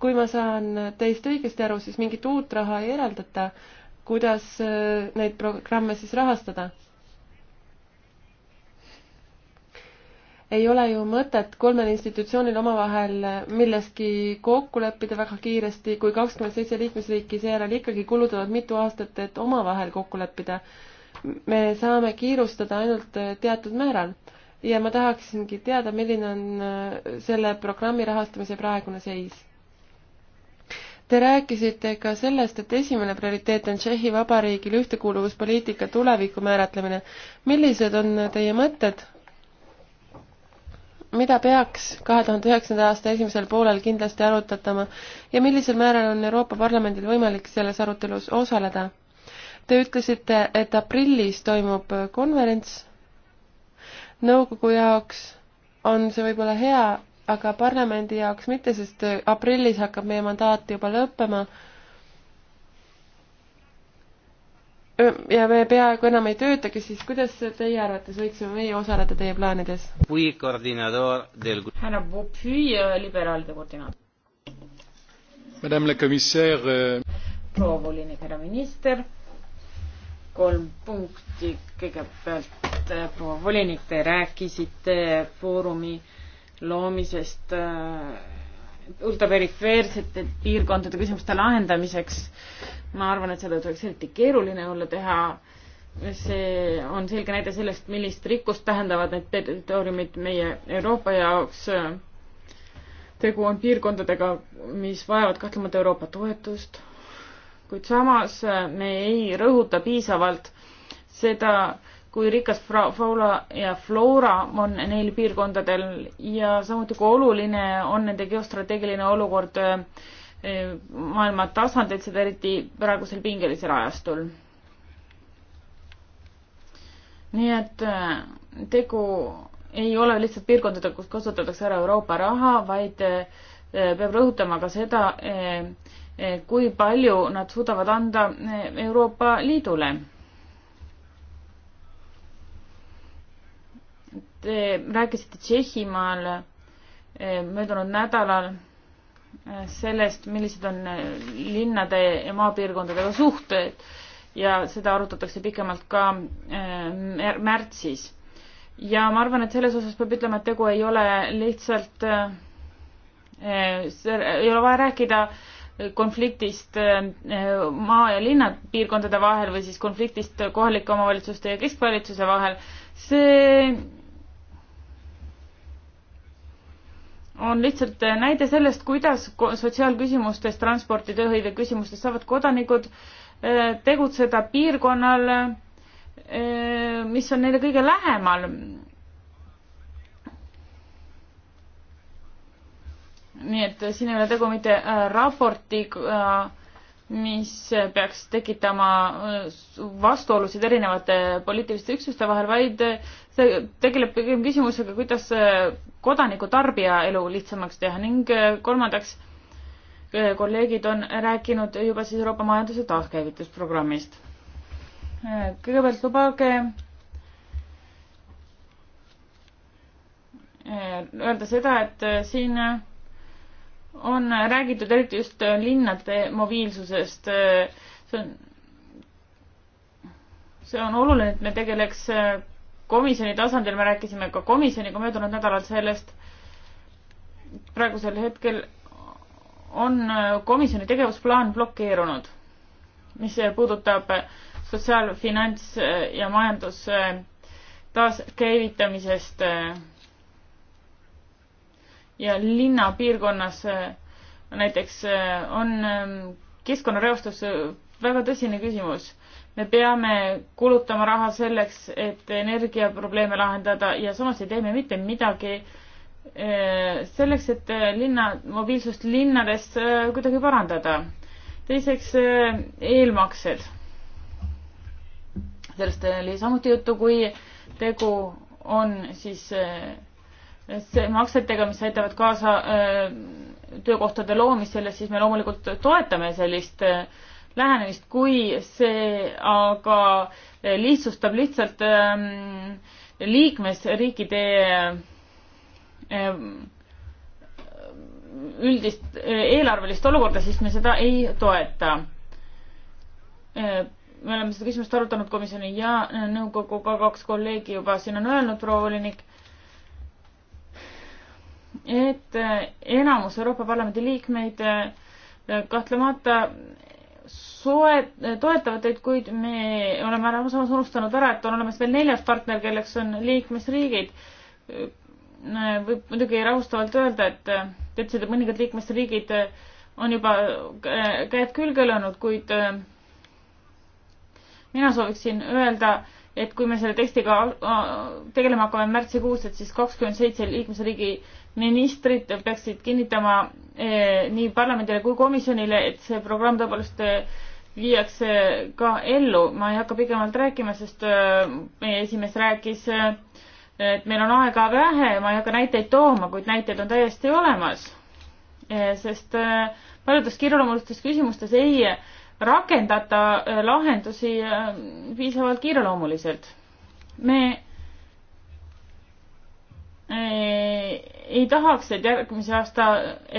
kui ma saan teist õigesti aru, siis mingit uut raha ei eraldata. kuidas äh, neid programme siis rahastada? ei ole ju mõtet kolmel institutsioonil omavahel milleski kokku leppida väga kiiresti, kui kakskümmend seitse liikmesriiki seejärel ikkagi kulutavad mitu aastat, et omavahel kokku leppida. me saame kiirustada ainult teatud määral ja ma tahaksingi teada, milline on äh, selle programmi rahastamise praegune seis. Te rääkisite ka sellest, et esimene prioriteet on Tšehhi Vabariigil ühtekuuluvuspoliitika tuleviku määratlemine. millised on teie mõtted, mida peaks kahe tuhande üheksanda aasta esimesel poolel kindlasti arutatama ja millisel määral on Euroopa Parlamendil võimalik selles arutelus osaleda? Te ütlesite, et aprillis toimub konverents nõukogu jaoks on see võib-olla hea, aga parlamendi jaoks mitte, sest aprillis hakkab meie mandaat juba lõppema. ja me peaaegu enam ei töötagi, siis kuidas teie arvates võiksime meie osaleda teie plaanides? härra Popüü, äh, liberaalide koordinaator. Madame la commissaire. Euh, proua volinik, härra minister, kolm punkti kõigepealt kõigepealt, äh, proua volinik, te rääkisite foorumi loomisest äh, ultraperifeersete piirkondade küsimuste lahendamiseks. ma arvan, et seda tuleks eriti keeruline olla teha. see on selge näide sellest, millist rikkust tähendavad need territooriumid meie Euroopa jaoks. tegu on piirkondadega, mis vajavad kahtlemata Euroopa toetust, kuid samas me ei rõhuta piisavalt seda, kui rikas fauna ja floora on neil piirkondadel ja samuti kui oluline on nende geostrateegiline olukord eh, maailma tasandil, seda eriti praegusel pingelisel ajastul. nii et eh, tegu ei ole lihtsalt piirkondadega, kus kasutatakse ära Euroopa raha, vaid eh, peab rõhutama ka seda, kui palju nad suudavad anda Euroopa Liidule Te rääkisite Tšehhimaal eh, möödunud nädalal eh, sellest, millised on eh, linnade ja maapiirkondadega suhted ja seda arutatakse pikemalt ka märtsis. ja ma arvan, et selles osas peab ütlema, et tegu ei ole lihtsalt, ei ole vaja rääkida konfliktist maa ja linna piirkondade vahel või siis konfliktist kohalike omavalitsuste ja keskvalitsuse vahel. see on lihtsalt näide sellest, kuidas sotsiaalküsimustes, transporti, tööhõive küsimustes saavad kodanikud äh, tegutseda piirkonnal, äh, mis on neile kõige lähemal. nii et siin ei ole tegu mitte äh, raportiga äh, mis peaks tekitama äh, vastuolusid erinevate poliitiliste üksuste vahel, vaid äh, see tegeleb pigem küsimusega, kuidas äh, kodaniku tarbija elu lihtsamaks teha ning kolmandaks, kolleegid on rääkinud juba siis Euroopa majanduse taaskäivitusprogrammist. kõigepealt lubage öelda seda, et siin on räägitud eriti just linnade mobiilsusest. see on, see on oluline, et me tegeleks komisjoni tasandil, me rääkisime ka komisjoniga möödunud nädalal sellest. praegusel hetkel on komisjoni tegevusplaan blokeerunud, mis puudutab sotsiaal-, finants ja majandus taaskäivitamisest ja linnapiirkonnas äh, näiteks äh, on ähm, keskkonnareostus äh, väga tõsine küsimus. me peame kulutama raha selleks, et energiaprobleeme lahendada ja samas ei tee me mitte midagi selleks, et linna, mobiilsust linnades kuidagi parandada. teiseks eelmaksed. sellest oli samuti juttu, kui tegu on siis maksetega, mis aitavad kaasa äh, töökohtade loomisele, siis me loomulikult toetame sellist äh, lähenemist, kui see aga lihtsustab lihtsalt ähm, liikmesriikide äh, üldist eelarvelist olukorda, siis me seda ei toeta. me oleme seda küsimust arutanud komisjoni ja nõukoguga, kaks kolleegi juba siin on öelnud, proua volinik et eh, enamus Euroopa Parlamendi liikmeid eh, kahtlemata soe-, toetavad teid, kuid me oleme ära samas unustanud ära, et on olemas veel neljas partner, kelleks on liikmesriigid. Eh, võib muidugi rahustavalt öelda, et te ütlesite, et mõningad liikmesriigid on juba käed külge löönud, kuid mina sooviksin öelda, et kui me selle tekstiga tegelema hakkame märtsikuus, et siis kakskümmend seitse liikmesriigi ministrid peaksid kinnitama eh, nii parlamendile kui komisjonile, et see programm tõepoolest eh, viiakse ka ellu. ma ei hakka pikemalt rääkima, sest eh, meie esimees rääkis, et meil on aega vähe, ma ei hakka näiteid tooma, kuid näiteid on täiesti olemas. sest paljudes kiireloomulistes küsimustes ei rakendata lahendusi piisavalt kiireloomuliselt. me ei tahaks, et järgmise aasta,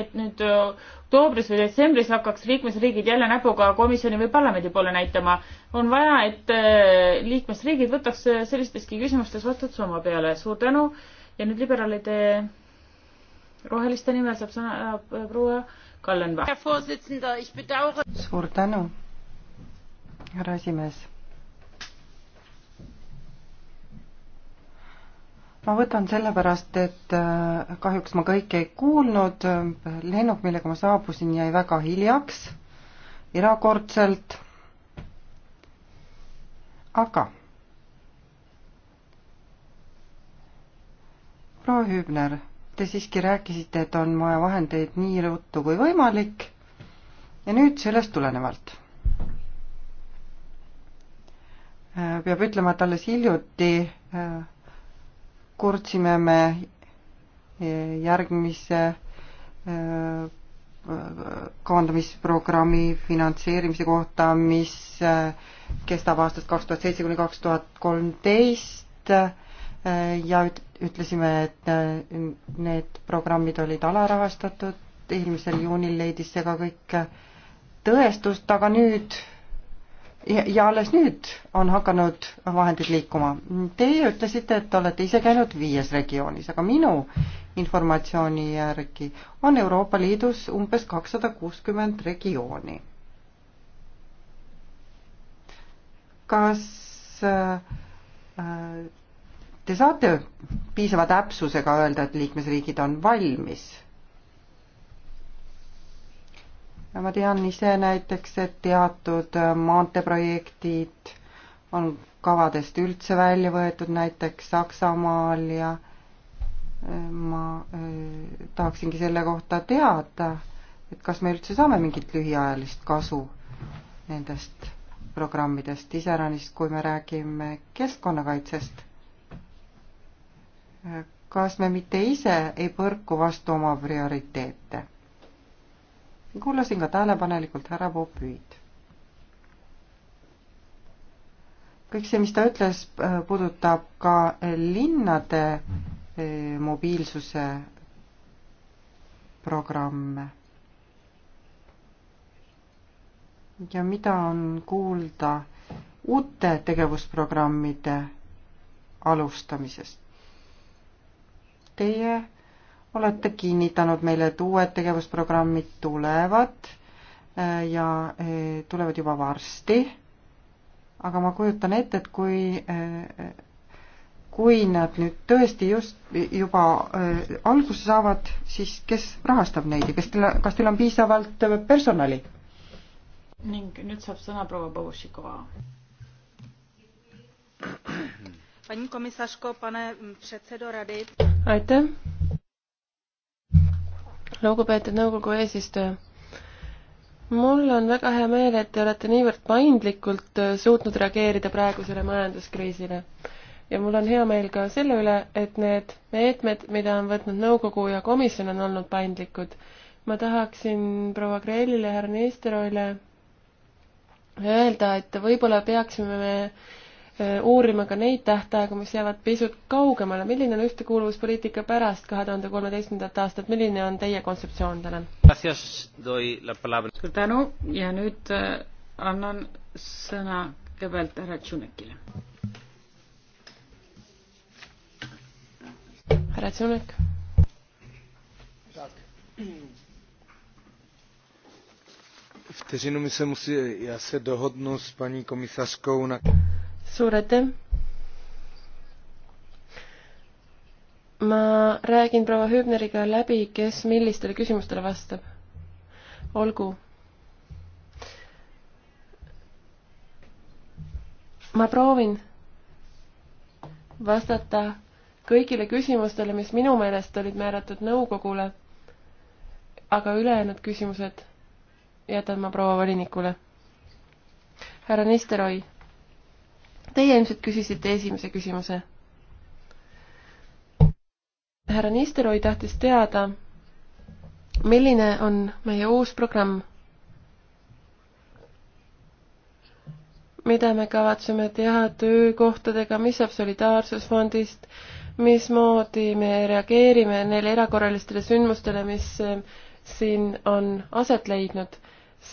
et nüüd oktoobris või detsembris hakkaks liikmesriigid jälle näpuga komisjoni või parlamendi poole näitama. on vaja, et liikmesriigid võtaks sellisteski küsimustes vastutuse oma peale. suur tänu ja nüüd liberaalide roheliste nimel saab sõna äh, proua Kallenbach. suur tänu, härra esimees ma võtan sellepärast, et äh, kahjuks ma kõike ei kuulnud, lennuk, millega ma saabusin, jäi väga hiljaks, erakordselt, aga proua Hübner, te siiski rääkisite, et on vaja vahendeid nii ruttu kui võimalik ja nüüd sellest tulenevalt äh, peab ütlema, et alles hiljuti äh, kurtsime me e, järgmise e, kaandamisprogrammi finantseerimise kohta, mis e, kestab aastast kaks tuhat seitse kuni kaks tuhat kolmteist ja ütlesime, et need programmid olid alarahastatud, eelmisel juunil leidis see ka kõik tõestust, aga nüüd ja alles nüüd on hakanud vahendid liikuma. Teie ütlesite, et olete ise käinud viies regioonis, aga minu informatsiooni järgi on Euroopa Liidus umbes kakssada kuuskümmend regiooni. kas äh, äh, te saate piisava täpsusega öelda, et liikmesriigid on valmis ma tean ise näiteks, et teatud äh, maanteeprojektid on kavadest üldse välja võetud, näiteks Saksamaal ja äh, ma äh, tahaksingi selle kohta teada, et kas me üldse saame mingit lühiajalist kasu nendest programmidest, iseäranis kui me räägime keskkonnakaitsest. kas me mitte ise ei põrku vastu oma prioriteete? kuulasin ka tähelepanelikult härra Popüüd. kõik see, mis ta ütles, äh, puudutab ka linnade äh, mobiilsuse programme. ja mida on kuulda uute tegevusprogrammide alustamisest? Teie olete kinnitanud meile, et uued tegevusprogrammid tulevad äh, ja äh, tulevad juba varsti. aga ma kujutan ette, et kui, äh, kui nad nüüd tõesti just juba alguse saavad, siis kes rahastab neid ja kes teil, kas teil on piisavalt personali? ning nüüd saab sõna proua Bogušikova. paní komisařko, pane předsedo rady. aitäh lugupeetud nõukogu eesistuja. mul on väga hea meel, et te olete niivõrd paindlikult äh, suutnud reageerida praegusele majanduskriisile. ja mul on hea meel ka selle üle, et need meetmed, mida on võtnud nõukogu ja komisjon, on olnud paindlikud. ma tahaksin proua Krellile, härra Niisteroile öelda, et võib-olla peaksime me Äh, uurima ka neid tähtaegu, mis jäävad pisut kaugemale. milline on ühtekuuluvuspoliitika pärast kahe tuhande kolmeteistkümnendat aastat, milline on teie kontseptsioon, tänan? suur tänu ja nüüd äh, annan sõna kõigepealt härra Tšunekile. härra Tšunek. vteřinu mi se musí, já se dohodnu s paní komisařkou na suur aitäh! ma räägin proua Hübneriga läbi, kes millistele küsimustele vastab. olgu. ma proovin vastata kõigile küsimustele, mis minu meelest olid määratud nõukogule, aga ülejäänud küsimused jätan ma proua volinikule. härra Nisteroi Teie ilmselt küsisite esimese küsimuse. härra Nisteroi tahtis teada, milline on meie uus programm, mida me kavatseme teha töökohtadega, mis saab Solidaarsusfondist, mismoodi me reageerime neile erakorralistele sündmustele, mis eh, siin on aset leidnud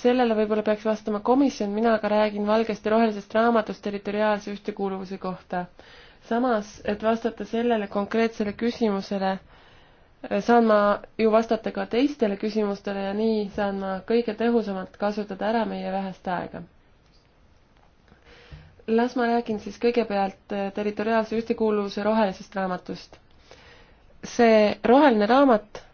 sellele võib-olla peaks vastama komisjon, mina aga räägin valgest ja rohelisest raamatust territoriaalse ühtekuuluvuse kohta. samas, et vastata sellele konkreetsele küsimusele, eh, saan ma ju vastata ka teistele küsimustele ja nii saan ma kõige tõhusamalt kasutada ära meie vähest aega las ma räägin siis kõigepealt eh, territoriaalse ühtekuuluvuse rohelisest raamatust. see roheline raamat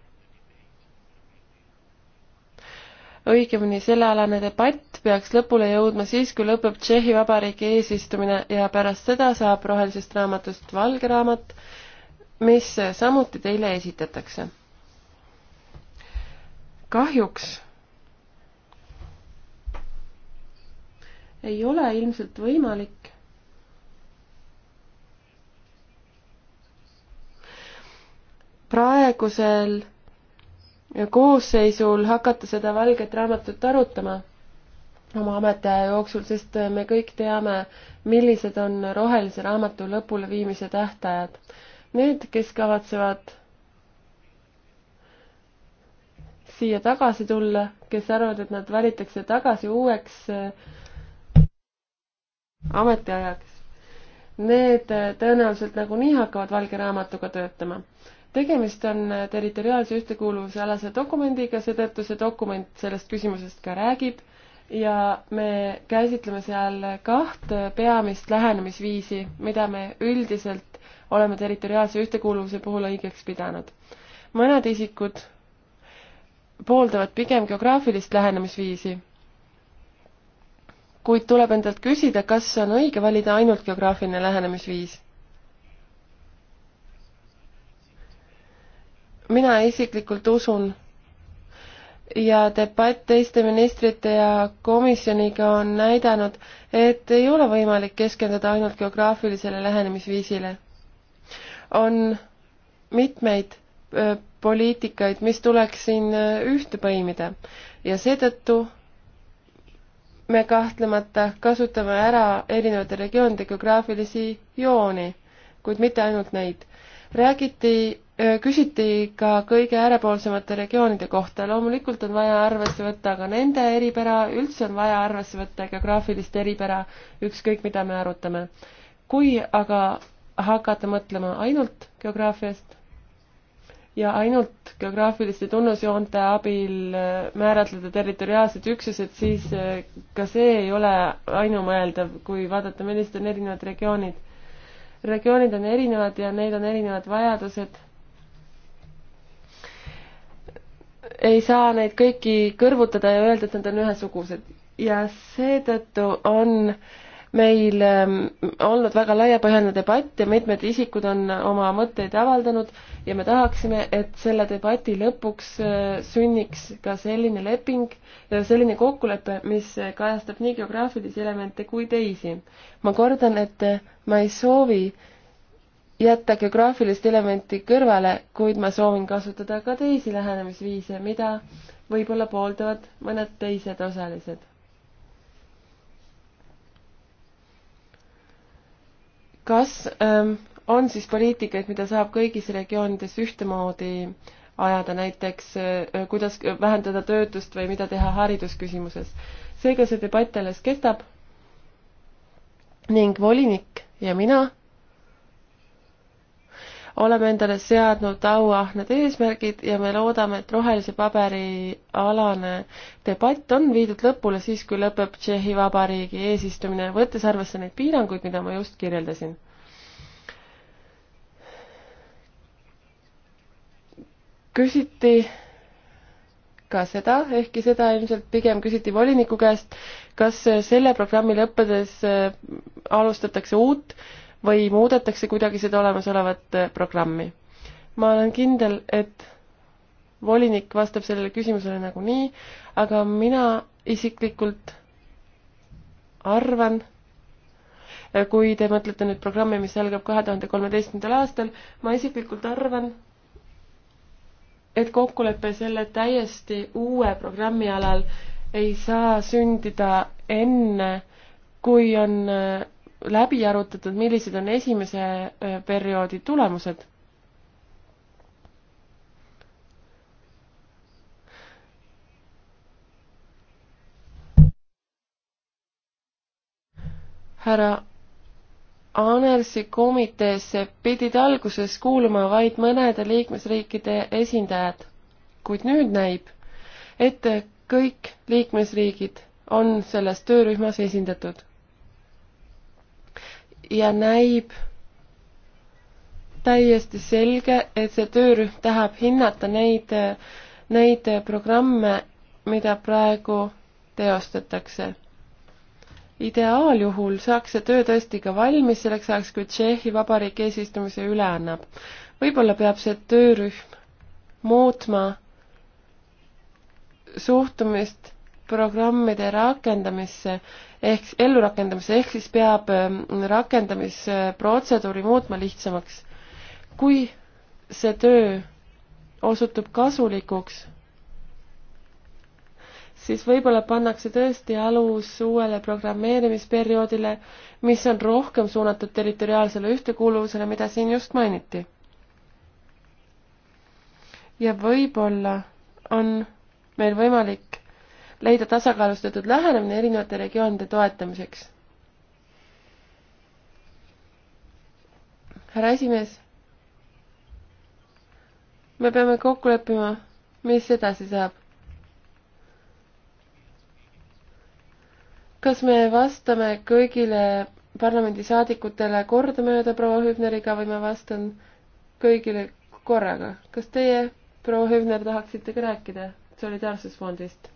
õigemini sellealane debatt peaks lõpule jõudma siis, kui lõpeb Tšehhi Vabariigi eesistumine ja pärast seda saab rohelisest raamatust valge raamat, mis samuti teile esitatakse. kahjuks ei ole ilmselt võimalik praegusel koosseisul hakata seda valget raamatut arutama oma ametiaja jooksul, sest me kõik teame, millised on rohelise raamatu lõpuleviimise tähtajad. Need, kes kavatsevad siia tagasi tulla, kes arvavad, et nad valitakse tagasi uueks äh, ametiajaks, need äh, tõenäoliselt nagunii hakkavad valge raamatuga töötama tegemist on territoriaalse ühtekuuluvuse alase dokumendiga, seetõttu see dokument sellest küsimusest ka räägib ja me käsitleme seal kaht peamist lähenemisviisi, mida me üldiselt oleme territoriaalse ühtekuuluvuse puhul õigeks pidanud. mõned isikud pooldavad pigem geograafilist lähenemisviisi, kuid tuleb endalt küsida, kas on õige valida ainult geograafiline lähenemisviis mina isiklikult usun ja debatt teiste ministrite ja komisjoniga on näidanud, et ei ole võimalik keskenduda ainult geograafilisele lähenemisviisile. on mitmeid poliitikaid, mis tuleks siin ühte põimida ja seetõttu me kahtlemata kasutame ära erinevate regioonide geograafilisi jooni, kuid mitte ainult neid. räägiti küsiti ka kõige äärepoolsemate regioonide kohta. loomulikult on vaja arvesse võtta ka nende eripära, üldse on vaja arvesse võtta geograafilist eripära, ükskõik mida me arutame. kui aga hakata mõtlema ainult geograafiast ja ainult geograafiliste tunnusjoonte abil määratleda territoriaalsed üksused, siis ka see ei ole ainumõeldav, kui vaadata, millised on erinevad regioonid. regioonid on erinevad ja neil on erinevad vajadused ei saa neid kõiki kõrvutada ja öelda, et nad on ühesugused. ja seetõttu on meil ähm, olnud väga laiapõhjaline debatt ja mitmed isikud on oma mõtteid avaldanud ja me tahaksime, et selle debati lõpuks äh, sünniks ka selline leping, äh, selline kokkulepe, mis kajastab nii geograafilisi elemente kui teisi. ma kordan, et ma ei soovi, jätta geograafilist elementi kõrvale, kuid ma soovin kasutada ka teisi lähenemisviise, mida võib-olla pooldavad mõned teised osalised. kas ähm, on siis poliitikaid, mida saab kõigis regioonides ühtemoodi ajada, näiteks äh, kuidas vähendada töötust või mida teha haridusküsimuses? seega see debatt alles kestab ning volinik ja mina oleme endale seadnud auahned eesmärgid ja me loodame, et rohelise paberi alane debatt on viidud lõpule siis, kui lõpeb Tšehhi Vabariigi eesistumine, võttes arvesse neid piiranguid, mida ma just kirjeldasin. küsiti ka seda, ehkki seda ilmselt pigem küsiti voliniku käest, kas selle programmi lõppedes äh, alustatakse uut või muudetakse kuidagi seda olemasolevat eh, programmi. ma olen kindel, et volinik vastab sellele küsimusele nagunii, aga mina isiklikult arvan, eh, kui te mõtlete nüüd programmi, mis algab kahe tuhande kolmeteistkümnendal aastal, ma isiklikult arvan, et kokkulepe selle täiesti uue programmi alal ei saa sündida enne, kui on eh, läbi arutatud, millised on esimese perioodi tulemused. härra Anersi komiteesse pidid alguses kuuluma vaid mõnede liikmesriikide esindajad, kuid nüüd näib, et kõik liikmesriigid on selles töörühmas esindatud ja näib täiesti selge, et see töörühm tahab hinnata neid, neid programme, mida praegu teostatakse. ideaaljuhul saaks see töö tõesti ka valmis selleks ajaks, kui Tšehhi Vabariik eesistumise üle annab. võib-olla peab see töörühm muutma suhtumist programmide rakendamisse ehk ellurakendamisse, ehk siis peab ähm, rakendamisprotseduuri muutma lihtsamaks. kui see töö osutub kasulikuks, siis võib-olla pannakse tõesti alus uuele programmeerimisperioodile, mis on rohkem suunatud territoriaalsele ühtekuuluvusele, mida siin just mainiti. ja võib-olla on meil võimalik leida tasakaalustatud lähenemine erinevate regioonide toetamiseks. härra esimees, me peame kokku leppima, mis edasi saab. kas me vastame kõigile parlamendisaadikutele kordamööda proua Hübneriga või ma vastan kõigile korraga. kas teie, proua Hübner, tahaksite ka rääkida Solidaarsusfondist?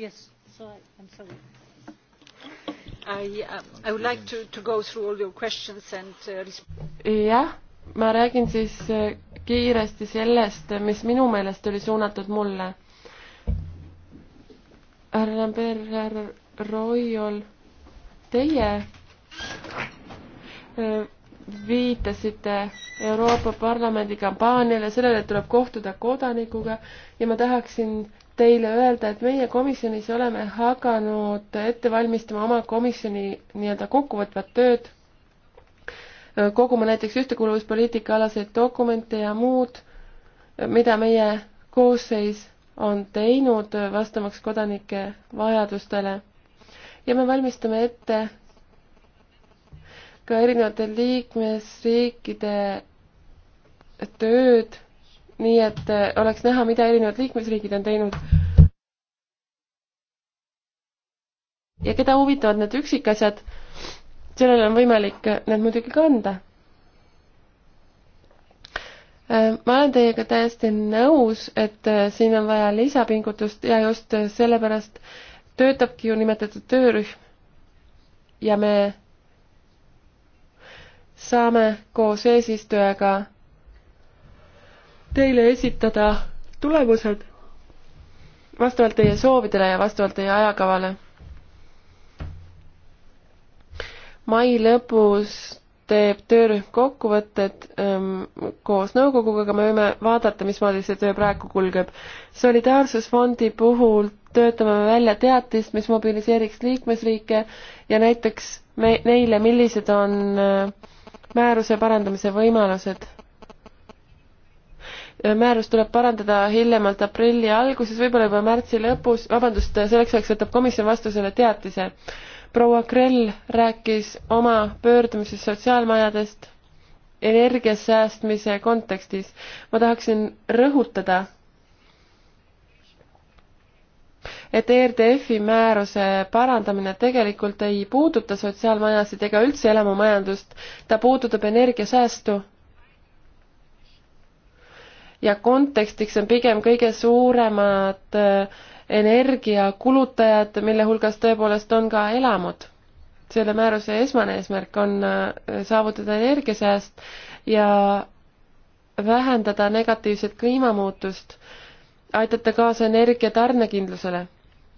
Yes, sorry, I'm sorry. I, uh, I would like to, to go through all your questions and uh, jah, ma räägin siis äh, kiiresti sellest, äh, mis minu meelest oli suunatud mulle. härra Lambert, härra Royal, teie äh, viitasite Euroopa Parlamendi kampaaniale, sellele, et tuleb kohtuda kodanikuga ja ma tahaksin teile öelda, et meie komisjonis oleme hakanud ette valmistama oma komisjoni nii-öelda kokkuvõtvat tööd, koguma näiteks ühtekuuluvuspoliitika alaseid dokumente ja muud, mida meie koosseis on teinud, vastamaks kodanike vajadustele. ja me valmistame ette ka erinevate liikmesriikide tööd nii et eh, oleks näha, mida erinevad liikmesriigid on teinud. ja keda huvitavad need üksikasjad, sellele on võimalik eh, need muidugi ka anda. Eh, ma olen teiega täiesti nõus, et siin on vaja lisapingutust ja just sellepärast töötabki ju nimetatud töörühm. ja me saame koos eesistujaga teile esitada tulemused vastavalt teie soovidele ja vastavalt teie ajakavale. mai lõpus teeb töörühm kokkuvõtted ähm, koos nõukoguga, aga me võime vaadata, mismoodi see töö praegu kulgeb. solidaarsusfondi puhul töötame me välja teatist, mis mobiliseeriks liikmesriike ja näiteks me, neile, millised on äh, määruse parandamise võimalused Äh, määrus tuleb parandada hiljemalt aprilli alguses, võib-olla juba märtsi lõpus, vabandust, selleks ajaks võtab komisjon vastu selle teatise. proua Krell rääkis oma pöördumises sotsiaalmajadest energiasäästmise kontekstis. ma tahaksin rõhutada, et ERDF-i määruse parandamine tegelikult ei puuduta sotsiaalmajasid ega üldse elamumajandust, ta puudutab energiasäästu ja kontekstiks on pigem kõige suuremad äh, energiakulutajad, mille hulgas tõepoolest on ka elamud. selle määruse esmane eesmärk on äh, saavutada energiasääst ja vähendada negatiivset kliimamuutust, aidata kaasa energia tarnekindlusele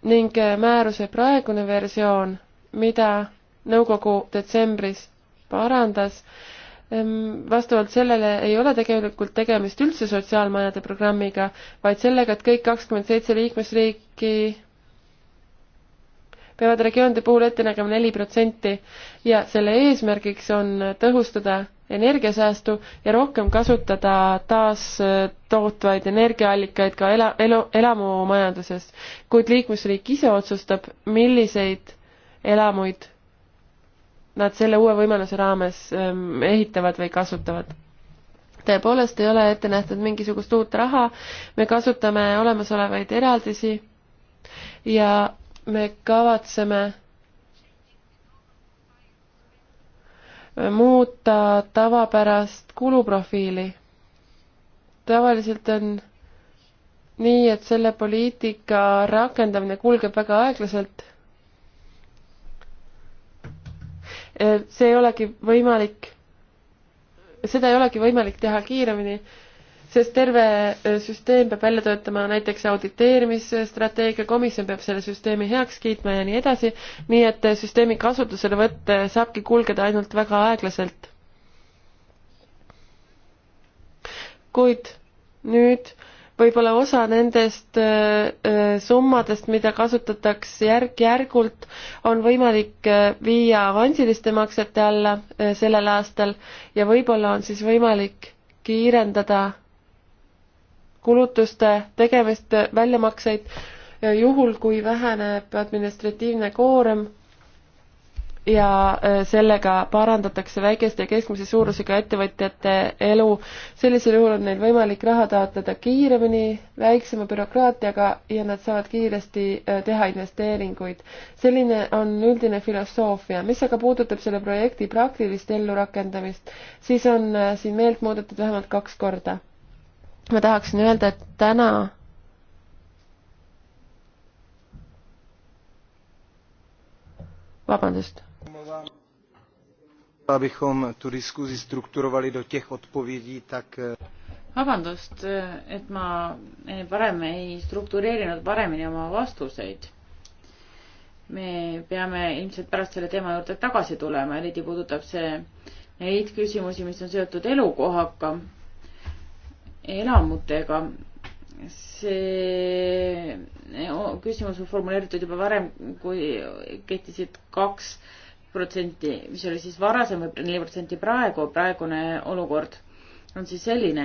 ning äh, määruse praegune versioon, mida nõukogu detsembris parandas, Ehm, vastavalt sellele ei ole tegelikult tegemist üldse sotsiaalmajade programmiga, vaid sellega, et kõik kakskümmend seitse liikmesriiki peavad regioonide puhul ette nägema neli protsenti ja selle eesmärgiks on tõhustada energiasäästu ja rohkem kasutada taastootvaid äh, energiaallikaid ka ela, elu, elamumajanduses, kuid liikmesriik ise otsustab, milliseid elamuid nad selle uue võimaluse raames ähm, ehitavad või kasutavad tõepoolest ei ole ette nähtud mingisugust uut raha, me kasutame olemasolevaid eraldisi ja me kavatseme muuta tavapärast kuluprofiili. tavaliselt on nii, et selle poliitika rakendamine kulgeb väga aeglaselt Eh, see ei olegi võimalik, seda ei olegi võimalik teha kiiremini, sest terve eh, süsteem peab välja töötama näiteks auditeerimisstrateegia, komisjon peab selle süsteemi heaks kiitma ja nii edasi, nii et eh, süsteemi kasutuselevõtt saabki kulgeda ainult väga aeglaselt. kuid nüüd võib-olla osa nendest summadest, mida kasutatakse järk-järgult, on võimalik viia avansiliste maksete alla sellel aastal ja võib-olla on siis võimalik kiirendada kulutuste tegemist, väljamakseid, juhul kui väheneb administratiivne koorem ja äh, sellega parandatakse väikeste ja keskmise suurusega ettevõtjate elu. sellisel juhul on neil võimalik raha taotleda kiiremini, väiksema bürokraatiaga ja nad saavad kiiresti äh, teha investeeringuid. selline on üldine filosoofia. mis aga puudutab selle projekti praktilist ellurakendamist, siis on äh, siin meelt muudetud vähemalt kaks korda. ma tahaksin öelda, et täna vabandust abychom tu diskuzi strukturovali do těch odpovědí, tak eh, vabandust, eh, et ma eh, varem ei struktureerinud paremini oma vastuseid. me peame ilmselt pärast selle teema juurde tagasi tulema, eriti puudutab see neid küsimusi, mis on seotud elukohaga, elamutega. see küsimus on formuleeritud juba varem, kui kehtisid kaks äh, protsenti, mis oli siis varasem või neli protsenti praegu, praegune olukord on siis selline,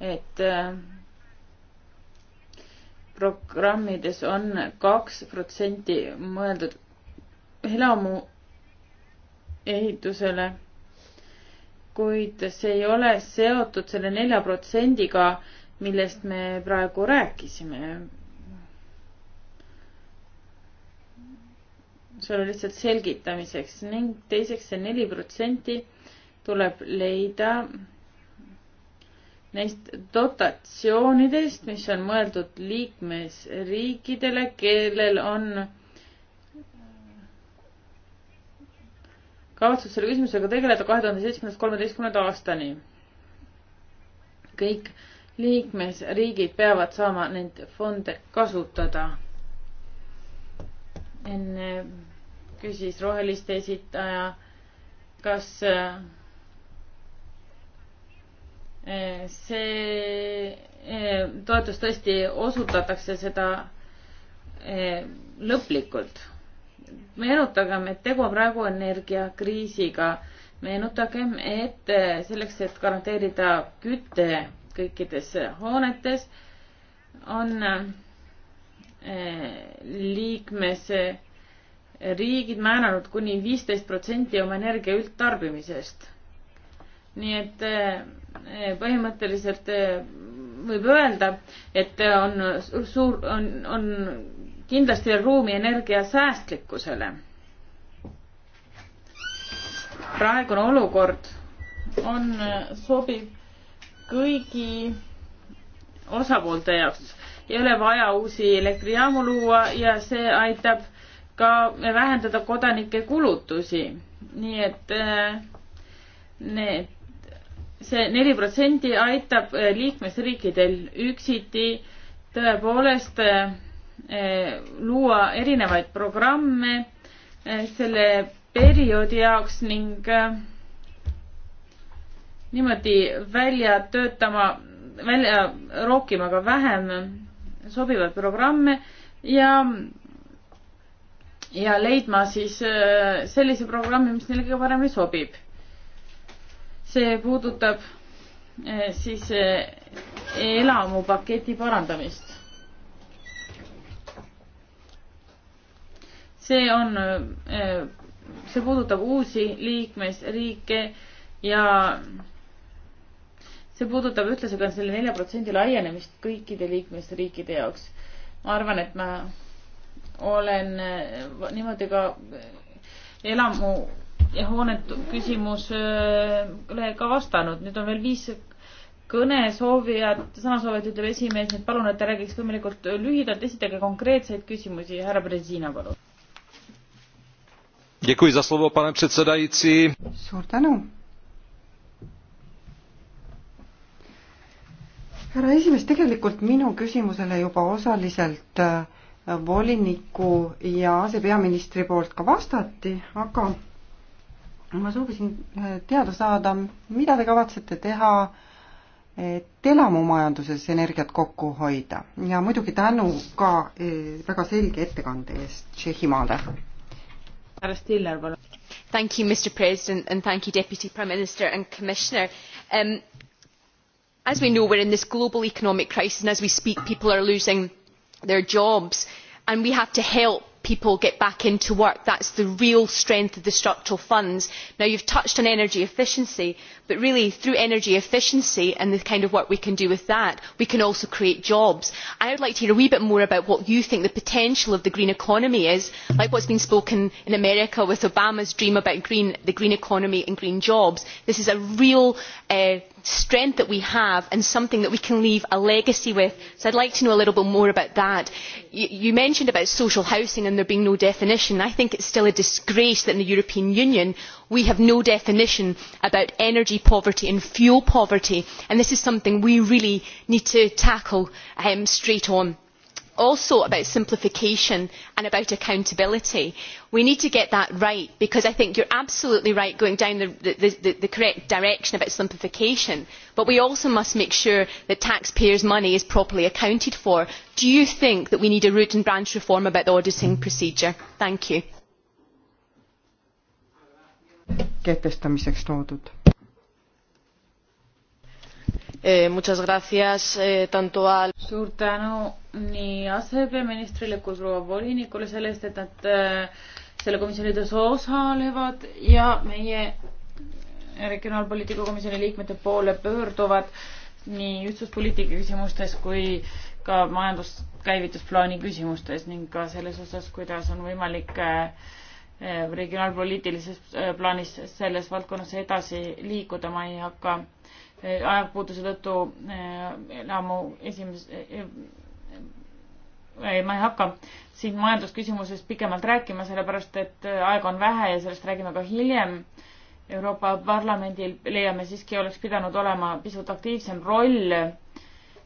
et äh, programmides on kaks protsenti mõeldud elamu ehitusele, kuid see ei ole seotud selle nelja protsendiga, millest me praegu rääkisime see oli lihtsalt selgitamiseks ning teiseks see neli protsenti tuleb leida neist dotatsioonidest, mis on mõeldud liikmesriikidele, kellel on kavatsus selle küsimusega tegeleda kahe tuhande seitsmendast kolmeteistkümnenda aastani. kõik liikmesriigid peavad saama neid fonde kasutada. enne küsis roheliste esitaja, kas eh, see eh, toetus tõesti osutatakse seda eh, lõplikult. meenutagem, et tegu on praegu energiakriisiga. meenutagem, et selleks, et garanteerida küte kõikides hoonetes, on liikmes riigid määranud kuni viisteist protsenti oma energia üldtarbimisest. nii et eh, eh, põhimõtteliselt eh, võib öelda, et on suur, on, on kindlasti ruumi energiasäästlikkusele. praegune olukord on sobiv kõigi osapoolte jaoks ei ole vaja uusi elektrijaamu luua ja see aitab ka vähendada kodanike kulutusi. nii et äh, need, see neli protsenti aitab äh, liikmesriikidel üksiti tõepoolest äh, luua erinevaid programme selle perioodi jaoks ning niimoodi välja töötama, välja rookima ka vähem sobivaid programme ja ja leidma siis äh, sellise programmi, mis neile kõige paremini sobib. see puudutab äh, siis äh, elamupaketi parandamist. see on, see puudutab uusi liikmesriike ja see puudutab ühtlasi ka selle nelja protsendi laienemist kõikide liikmesriikide jaoks. ma arvan, et ma olen äh, niimoodi ka äh, elamu ja hoonet küsimusele äh, ka vastanud. nüüd on veel viis kõnesoovijad, sõnasoovijad, ütleb esimees, nii et palun, et te räägiks võimalikult lühidalt, esitage konkreetseid küsimusi. härra Brezina, palun. suur tänu. härra esimees, tegelikult minu küsimusele juba osaliselt äh, voliniku ja asepeaministri poolt ka vastati, aga ma soovisin äh, teada saada, mida te kavatsete teha, et elamumajanduses energiat kokku hoida ja muidugi tänu ka äh, väga selge ettekande eest Tšehhimaale. härra Stiller, palun. Thank you, Mr President and thank you, Deputy Prime Minister and Commissioner um,. As we know, we are in this global economic crisis and as we speak, people are losing their jobs and we have to help people get back into work. that is the real strength of the structural funds. you have touched on energy efficiency but really through energy efficiency and the kind of work we can do with that we can also create jobs. i would like to hear a wee bit more about what you think the potential of the green economy is like what has been spoken in america with obama's dream about green, the green economy and green jobs. this is a real uh, strength that we have and something that we can leave a legacy with. So I'd like to know a little bit more about that. You, you mentioned about social housing and there being no definition. I think it's still a disgrace that in the European Union we have no definition about energy poverty and fuel poverty. And this is something we really need to tackle um, straight on also about simplification and about accountability. we need to get that right because i think you are absolutely right going down the, the, the, the correct direction about simplification but we also must make sure that taxpayers' money is properly accounted for. do you think that we need a root and branch reform about the auditing procedure? thank you. kehtestamiseks loodud eh,. Muchas gracias eh, tanto al. suur tänu nii asepeaministrile kui proua volinikule selle eest, et nad äh, selle komisjoni töös osalevad ja meie regionaalpoliitika komisjoni liikmete poole pöörduvad nii ühtsuspoliitika küsimustes kui ka majanduskäivitusplaani küsimustes ning ka selles osas, kuidas on võimalik eh, eh, regionaalpoliitilises plaanis selles valdkonnas edasi liikuda, ma ei hakka ajapuuduse tõttu eh, ammu esimese, eh, eh, ei, ma ei hakka siin majandusküsimusest pikemalt rääkima, sellepärast et aega on vähe ja sellest räägime ka hiljem. Euroopa Parlamendil leiame siiski oleks pidanud olema pisut aktiivsem roll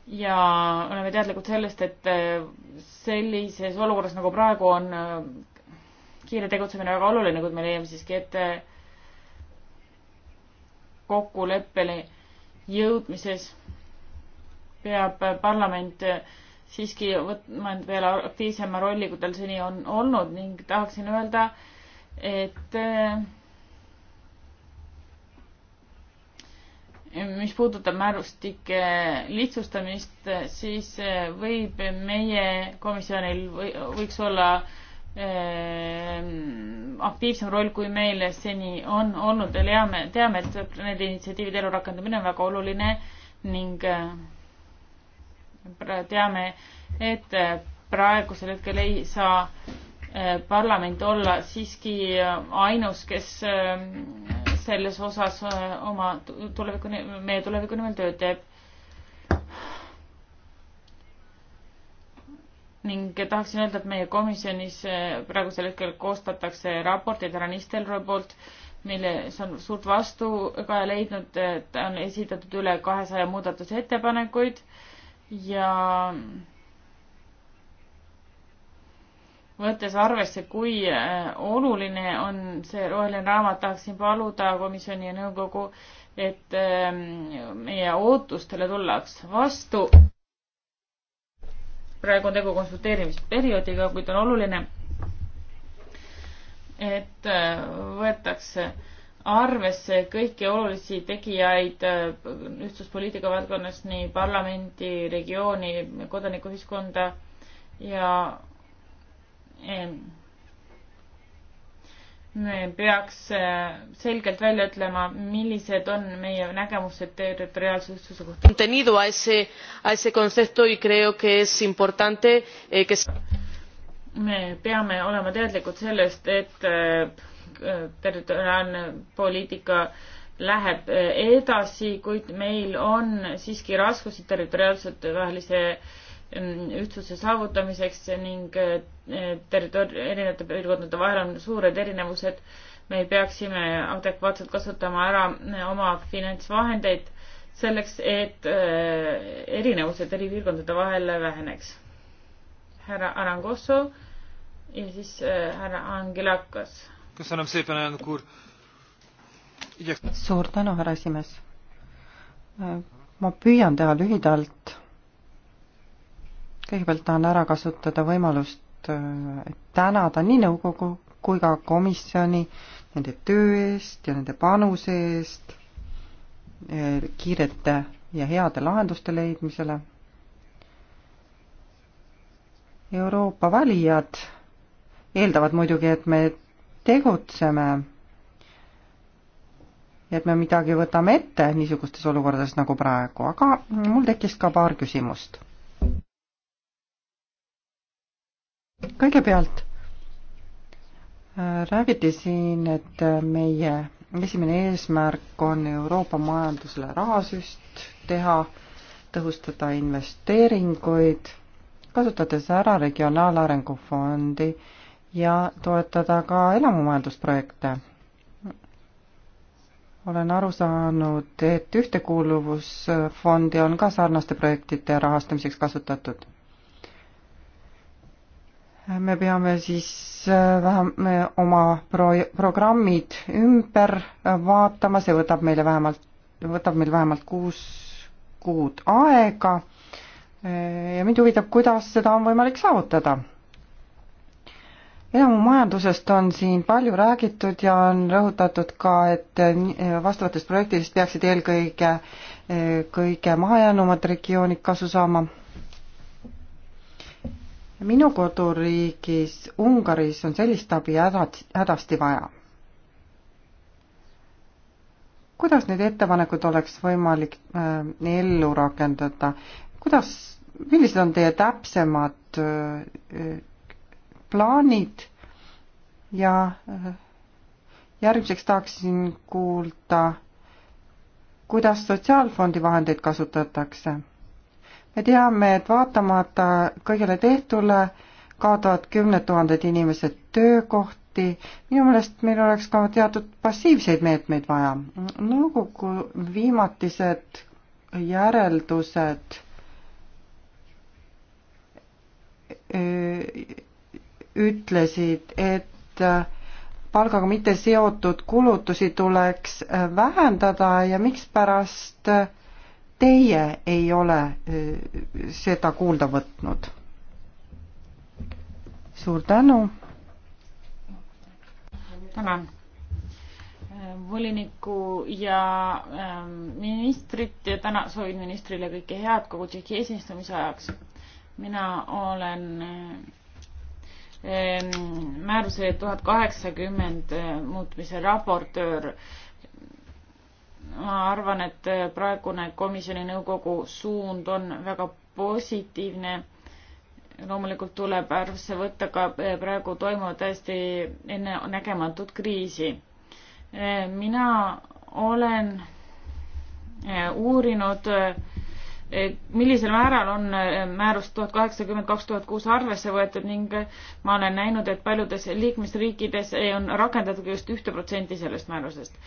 ja oleme teadlikud sellest, et sellises olukorras nagu praegu on kiire tegutsemine väga oluline, kuid me leiame siiski, et kokkuleppele jõudmises peab parlament siiski võtma veel aktiivsema rolli, kui tal seni on olnud ning tahaksin öelda, et eh, mis puudutab määrustike lihtsustamist, siis eh, võib meie komisjonil või võiks olla äh, Ehm, aktiivsem roll, kui meil seni on olnud. teame, teame, et need initsiatiivide elu rakendamine on väga oluline ning eh, teame, et eh, praegusel hetkel ei saa eh, parlament olla siiski ainus, kes selles osas oma tuleviku, meie tuleviku nimel tööd teeb ning tahaksin öelda, et meie komisjonis eh, praegusel hetkel koostatakse raporteid härra Nistelrooy poolt, milles on suurt vastukaja leidnud, et on esitatud üle kahesaja muudatusettepanekuid ja võttes arvesse, kui eh, oluline on see roheline raamat, tahaksin paluda komisjoni ja nõukogu, et eh, meie ootustele tullaks vastu praegu on tegu konsulteerimisperioodiga, kuid on oluline, et äh, võetakse arvesse kõiki olulisi tegijaid äh, ühtsuspoliitika valdkonnas, nii parlamenti, regiooni, kodanikuühiskonda ja peaks äh, selgelt välja ütlema, millised on meie nägemused territoriaalse ühtsuse kohta. contenido a ese, a ese concepto y creo que es importante eh, que me peame olema teadlikud sellest, et äh, äh territoriaalne poliitika läheb äh, edasi, kuid meil on siiski raskusi territoriaalsete vahelise äh, ühtsuse saavutamiseks ning eh, territoor-, erinevate piirkondade vahel on suured erinevused. me peaksime adekvaatselt kasutama ära eh, oma finantsvahendeid selleks, et eh, erinevused eri piirkondade vahel väheneks. härra Arangosso ja siis härra Angelakas. suur tänu, härra esimees. ma püüan teha lühidalt kõigepealt tahan ära kasutada võimalust äh, tänada nii nõukogu kui ka komisjoni nende töö eest ja nende panuse eest äh, kiirete ja heade lahenduste leidmisele. Euroopa valijad eeldavad muidugi, et me tegutseme ja et me midagi võtame ette niisugustes olukordades nagu praegu, aga mul tekkis ka paar küsimust kõigepealt äh, räägiti siin, et äh, meie esimene eesmärk on Euroopa majandusele rahasüst teha, tõhustada investeeringuid, kasutades ära Regionaalarengu Fondi ja toetada ka elamumajandusprojekte. olen aru saanud, et Ühtekuuluvusfondi on ka sarnaste projektide rahastamiseks kasutatud me peame siis äh, vähem äh, oma pro-, programmid ümber äh, vaatama, see võtab meile vähemalt, võtab meil vähemalt kuus kuud aega ja mind huvitab, kuidas seda on võimalik saavutada. elamumajandusest on siin palju räägitud ja on rõhutatud ka, et vastavatest projektidest peaksid eelkõige kõige mahajäänumad regioonid kasu saama minu koduriigis Ungaris on sellist abi hädad, hädasti vaja. kuidas neid ettepanekuid oleks võimalik äh, ellu rakendada, kuidas, millised on teie täpsemad äh, plaanid ja äh, järgmiseks tahaksin kuulda, kuidas sotsiaalfondi vahendeid kasutatakse me teame, et vaatamata kõigele tehtule kaotavad kümned tuhanded inimesed töökohti, minu meelest meil oleks ka teatud passiivseid meetmeid vaja. nõukogu viimatised järeldused äh, ütlesid, et äh, palgaga mitte seotud kulutusi tuleks äh, vähendada ja mikspärast äh, teie ei ole seda kuulda võtnud. suur tänu. tänan voliniku ja ähm, ministrit ja täna soovin ministrile kõike head kogu Tšehhi eesistumise ajaks. mina olen ähm, määruse tuhat kaheksakümmend äh, muutmise raportöör ma arvan, et äh, praegune komisjoni nõukogu suund on väga positiivne. loomulikult tuleb arvesse võtta ka äh, praegu toimuvat täiesti ennenägematut kriisi. Äh, mina olen uurinud, millisel määral on määrus tuhat kaheksakümmend kaks tuhat kuus arvesse võetud ning ma olen näinud, et paljudes liikmesriikides on rakendatud just ühte protsenti sellest määrusest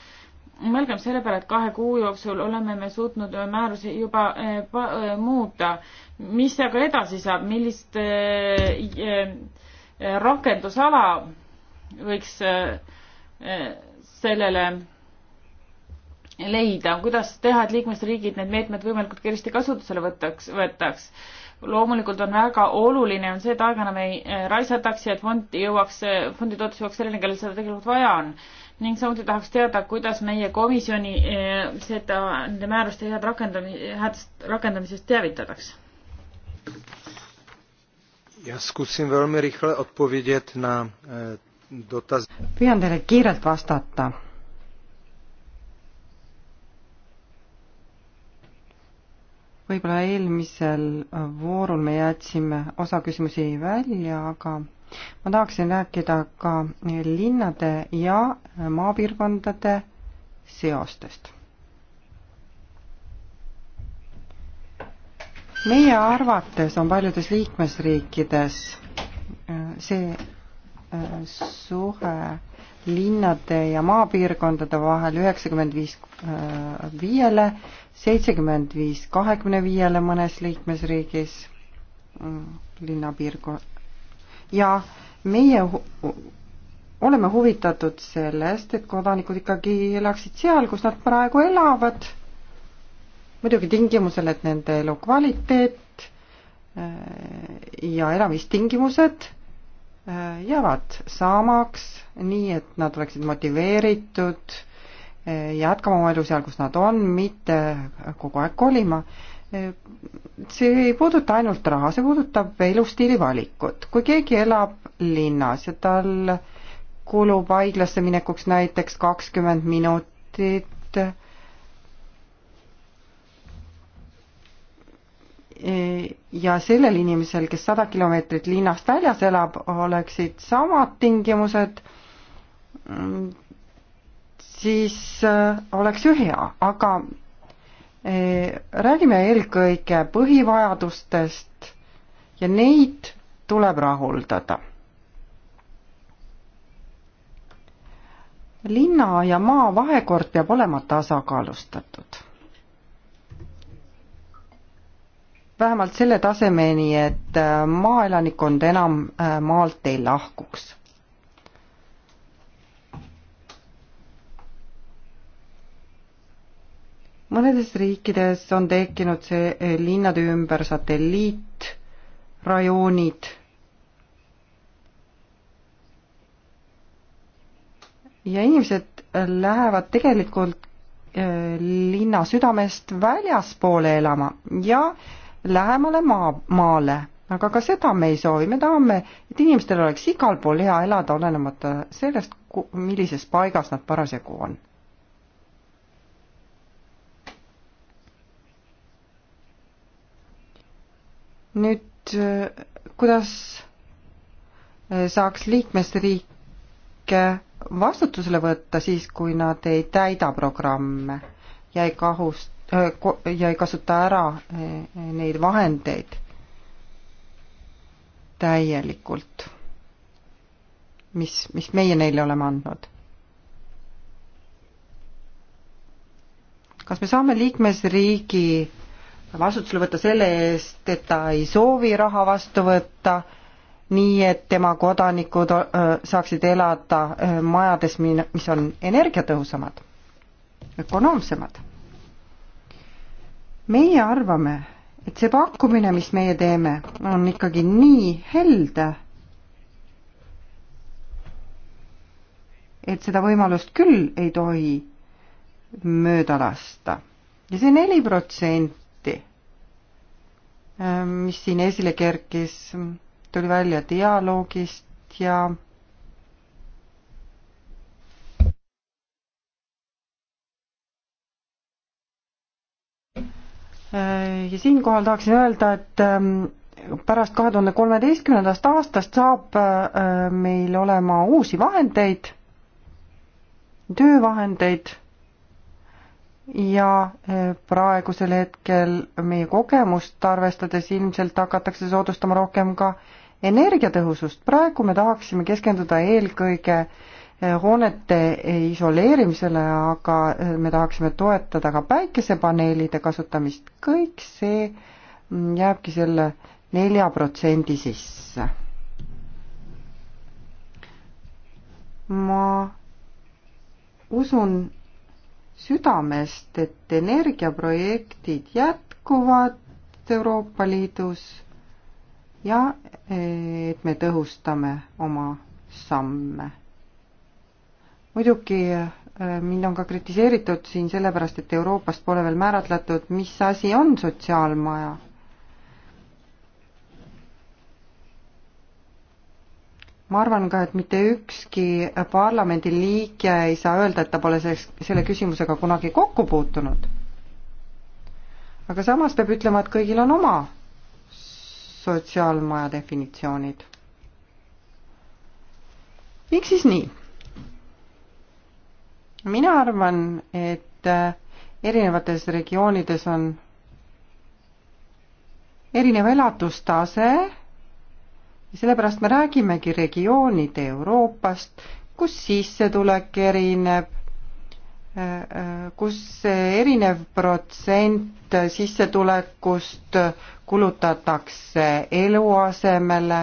mõelgem selle peale, et kahe kuu jooksul oleme me suutnud äh, määrusi juba äh, äh muuta. mis aga edasi saab, millist äh, äh rakendusala võiks äh, sellele leida, kuidas teha, et liikmesriigid need meetmed võimalikult kiiresti kasutusele võtaks, võtaks. loomulikult on väga oluline on see, et aega enam ei raisataks ja et fond jõuaks, fondi toetus jõuaks selleni, kellel seda tegelikult vaja on ning samuti tahaks teada, kuidas meie komisjoni eh, seda, nende määruste head rakendami-, headest rakendamisest teavitatakse. Eh, püüan teile kiirelt vastata. võib-olla eelmisel voorul me jätsime osa küsimusi välja, aga ma tahaksin rääkida ka linnade ja maapiirkondade seostest. meie arvates on paljudes liikmesriikides äh, see äh, suhe linnade ja maapiirkondade vahel üheksakümmend viis äh, viiele, seitsekümmend viis kahekümne viiele mõnes liikmesriigis mm, linnapiirkond, ja meie oleme huvitatud sellest, et kodanikud ikkagi elaksid seal, kus nad praegu elavad, muidugi tingimusel, et nende elukvaliteet äh, ja elamistingimused äh, jäävad samaks, nii et nad oleksid motiveeritud äh, jätkama oma elu seal, kus nad on, mitte kogu aeg kolima see ei puuduta ainult raha, see puudutab elustiili valikut. kui keegi elab linnas ja tal kulub haiglasse minekuks näiteks kakskümmend minutit, ja sellel inimesel, kes sada kilomeetrit linnast väljas elab, oleksid samad tingimused, siis äh, oleks ju hea, aga Eh, räägime eelkõige põhivajadustest ja neid tuleb rahuldada. linna ja maa vahekord peab olema tasakaalustatud. vähemalt selle tasemeni, et eh, maaelanikkond enam eh, maalt ei lahkuks mõnedes riikides on tekkinud see eh, linnade ümber satelliitrajoonid. ja inimesed eh, lähevad tegelikult eh, linna südamest väljaspoole elama ja lähemale maa, maale, aga ka seda me ei soovi, me tahame, et inimestel oleks igal pool hea elada, olenemata sellest, millises paigas nad parasjagu on nüüd äh, kuidas äh, saaks liikmesriike vastutusele võtta siis, kui nad ei täida programme ja ei kahust- äh, ja ei kasuta ära neid vahendeid täielikult, mis, mis meie neile oleme andnud kas me saame liikmesriigi vastutusele võtta selle eest, et ta ei soovi raha vastu võtta, nii et tema kodanikud saaksid elada majades, mis on energiatõhusamad, ökonoomsemad. meie arvame, et see pakkumine, mis meie teeme, on ikkagi nii helde, et seda võimalust küll ei tohi mööda lasta. ja see neli protsenti Äh, mis siin esile kerkis, tuli välja dialoogist ja äh, ja siinkohal tahaksin öelda, et ähm, pärast kahe tuhande kolmeteistkümnendast aastast saab äh, meil olema uusi vahendeid, töövahendeid ja eh, praegusel hetkel meie kogemust arvestades ilmselt hakatakse soodustama rohkem ka energiatõhusust. praegu me tahaksime keskenduda eelkõige eh, hoonete isoleerimisele, aga eh, me tahaksime toetada ka päikesepaneelide kasutamist. kõik see mm, jääbki selle nelja protsendi sisse. ma usun, südamest, et energiaprojektid jätkuvad Euroopa Liidus ja et me tõhustame oma samme. muidugi äh, mind on ka kritiseeritud siin sellepärast, et Euroopas pole veel määratletud, mis asi on sotsiaalmaja ma arvan ka, et mitte ükski parlamendiliige ei saa öelda, et ta pole selleks, selle küsimusega kunagi kokku puutunud. aga samas peab ütlema, et kõigil on oma sotsiaalmaja definitsioonid. miks siis nii? mina arvan, et äh, erinevates regioonides on erinev elatustase sellepärast me räägimegi regioonide Euroopast, kus sissetulek erineb, äh, äh, kus erinev protsent sissetulekust kulutatakse eluasemele,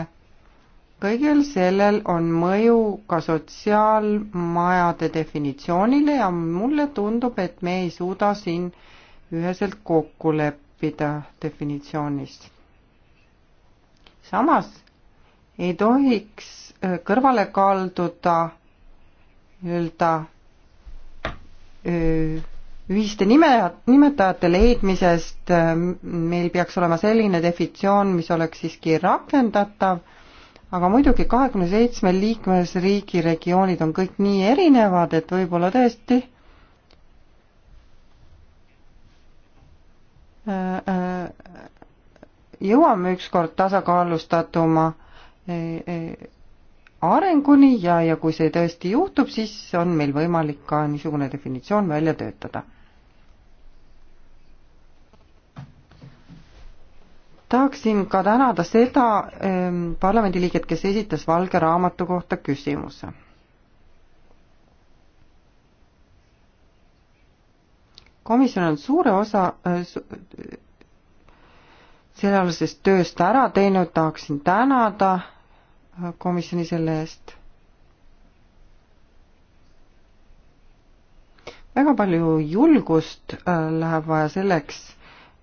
kõigel sellel on mõju ka sotsiaalmajade definitsioonile ja mulle tundub, et me ei suuda siin üheselt kokku leppida definitsioonis. samas ei tohiks äh, kõrvale kalduda nii-öelda äh, ühiste nime, nimetajate leidmisest, äh, meil peaks olema selline definitsioon, mis oleks siiski rakendatav, aga muidugi kahekümne seitsme liikmesriigi regioonid on kõik nii erinevad, et võib-olla tõesti jõuame ükskord tasakaalustatuma Äh, äh, arenguni ja, ja kui see tõesti juhtub, siis on meil võimalik ka niisugune definitsioon välja töötada. tahaksin ka tänada seda ähm, parlamendiliiget, kes esitas valge raamatu kohta küsimuse. komisjon on suure osa äh, su, sellealasest tööst ära teinud, tahaksin tänada komisjoni selle eest. väga palju julgust äh, läheb vaja selleks,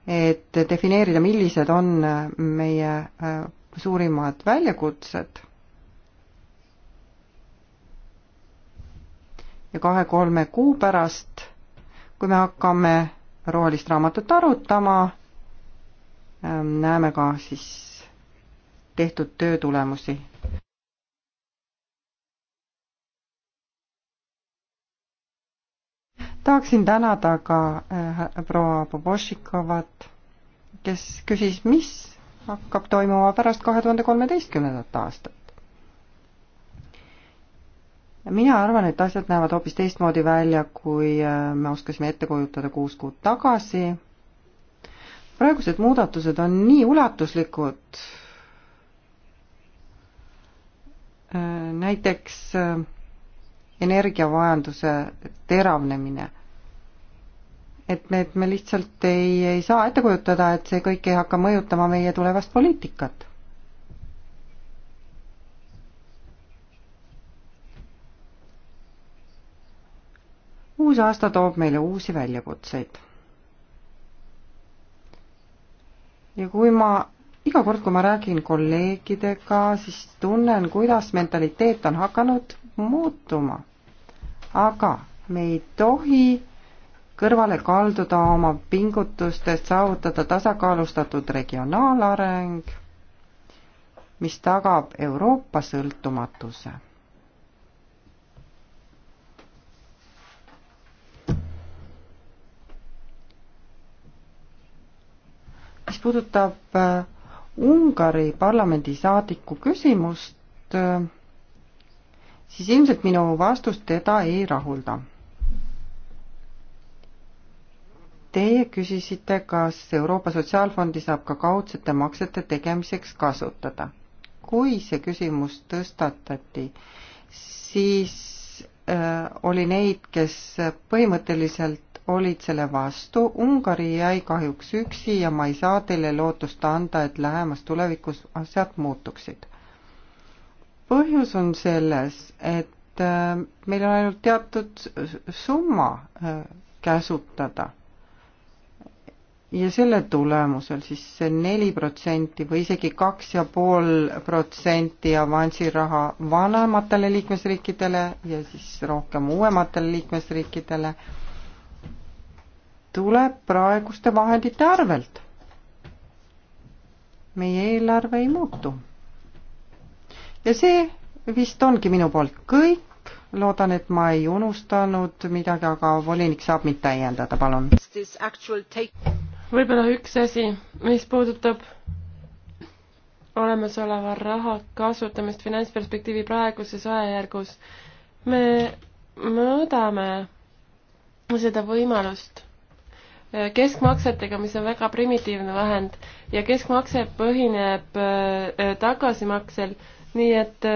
et defineerida, millised on äh, meie äh, suurimad väljakutsed. ja kahe-kolme kuu pärast, kui me hakkame rohelist raamatut arutama, Ähm, näeme ka siis tehtud töö tulemusi. tahaksin tänada ka äh, proua Bobošikovat, kes küsis, mis hakkab toimuma pärast kahe tuhande kolmeteistkümnendat aastat. mina arvan, et asjad näevad hoopis teistmoodi välja, kui äh, me oskasime ette kujutada kuus kuud tagasi praegused muudatused on nii ulatuslikud, näiteks äh, energiavajanduse teravnemine. et me, et me lihtsalt ei, ei saa ette kujutada, et see kõik ei hakka mõjutama meie tulevast poliitikat. uus aasta toob meile uusi väljakutseid ja kui ma iga kord, kui ma räägin kolleegidega, siis tunnen, kuidas mentaliteet on hakanud muutuma. aga me ei tohi kõrvale kalduda oma pingutustest saavutada tasakaalustatud regionaalareng, mis tagab Euroopa sõltumatuse mis puudutab äh, Ungari parlamendisaadiku küsimust, äh, siis ilmselt minu vastus teda ei rahulda. Teie küsisite, kas Euroopa Sotsiaalfondi saab ka kaudsete maksete tegemiseks kasutada. kui see küsimus tõstatati, siis äh, oli neid, kes põhimõtteliselt olid selle vastu, Ungari jäi kahjuks üksi ja ma ei saa teile lootust anda, et lähemas tulevikus asjad muutuksid. põhjus on selles, et äh, meil on ainult teatud summa äh, käsutada. ja selle tulemusel siis see neli protsenti või isegi kaks ja pool protsenti avansiraha vanematele liikmesriikidele ja siis rohkem uuematele liikmesriikidele tuleb praeguste vahendite arvelt. meie eelarve ei muutu. ja see vist ongi minu poolt kõik. loodan, et ma ei unustanud midagi, aga volinik saab mind täiendada, palun. võib-olla üks asi, mis puudutab olemasoleva raha kasutamist finantsperspektiivi praeguses ajajärgus. me mõõdame seda võimalust Äh, keskmaksetega, mis on väga primitiivne vahend ja keskmakse põhineb äh, äh, tagasimaksel, nii et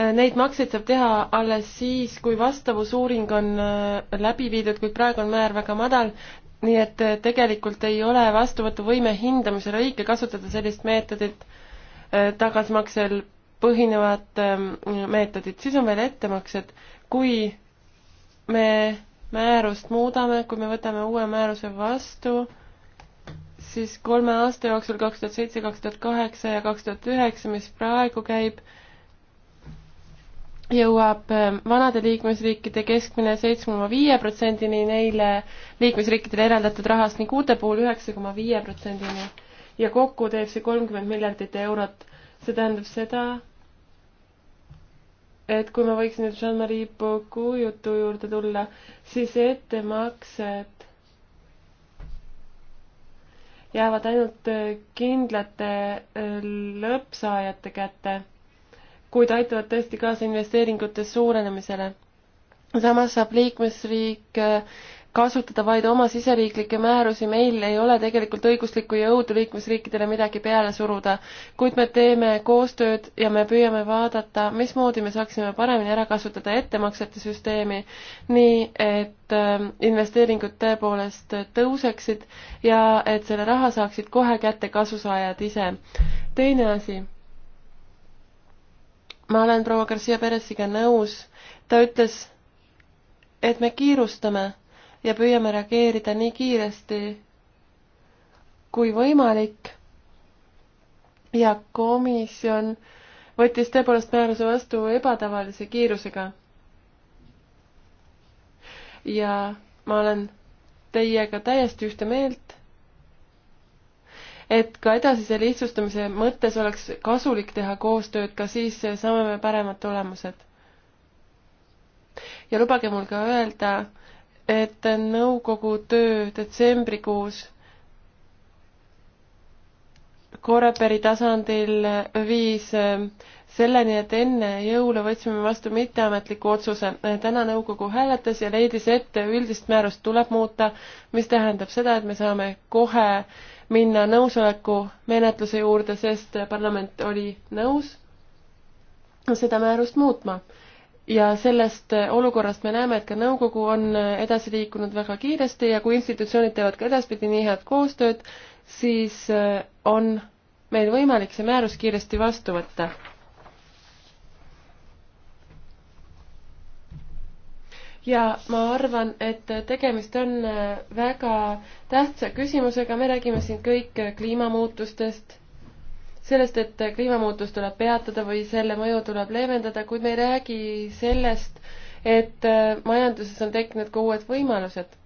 Neid makseid saab teha alles siis, kui vastavusuuring on läbi viidud, kuid praegu on määr väga madal, nii et tegelikult ei ole vastuvõtuvõime hindamisel õige kasutada sellist meetodit, tagasimaksel põhinevat ähm, meetodit, siis on veel ettemaksed, kui me määrust muudame, kui me võtame uue määruse vastu, siis kolme aasta jooksul, kaks tuhat seitse, kaks tuhat kaheksa ja kaks tuhat üheksa, mis praegu käib, jõuab ähm, vanade liikmesriikide keskmine seitsme koma viie protsendini, neile liikmesriikidele eraldatud rahast ning uute puhul üheksa koma viie protsendini. ja kokku teeb see kolmkümmend miljardit eurot. see tähendab seda, et kui ma võiks nüüd Jean-Marie Pocou jutu juurde tulla, siis ettemaksed jäävad ainult äh, kindlate äh, lõppsaajate kätte, kuid aitavad tõesti kaasa investeeringute suurenemisele. samas saab liikmesriik äh, kasutada vaid oma siseriiklikke määrusi, meil ei ole tegelikult õiguslikku jõudu liikmesriikidele midagi peale suruda, kuid me teeme koostööd ja me püüame vaadata, mismoodi me saaksime paremini ära kasutada ettemaksete süsteemi, nii et ähm, investeeringud tõepoolest tõuseksid ja et selle raha saaksid kohe kätte kasusaajad ise. teine asi, ma olen proua Garcia Peresiga nõus, ta ütles, et me kiirustame ja püüame reageerida nii kiiresti kui võimalik. ja komisjon võttis tõepoolest määruse vastu ebatavalise kiirusega. ja ma olen teiega täiesti ühte meelt, et ka edasise lihtsustamise mõttes oleks kasulik teha koostööd, ka siis saame me paremad tulemused. ja lubage mul ka öelda, et nõukogu töö detsembrikuus Koreperi tasandil viis selleni, et enne jõule võtsime vastu mitteametliku otsuse. täna nõukogu hääletas ja leidis, et üldist määrust tuleb muuta, mis tähendab seda, et me saame kohe minna nõusoleku menetluse juurde, sest parlament oli nõus seda määrust muutma ja sellest olukorrast me näeme, et ka nõukogu on edasi liikunud väga kiiresti ja kui institutsioonid teevad ka edaspidi nii head koostööd, siis äh, on meil võimalik see määrus kiiresti vastu võtta. ja ma arvan, et tegemist on äh, väga tähtsa küsimusega, me räägime siin kõik äh, kliimamuutustest sellest, et kliimamuutus tuleb peatada või selle mõju tuleb leevendada, kuid me ei räägi sellest, et äh, majanduses on tekkinud ka uued võimalused.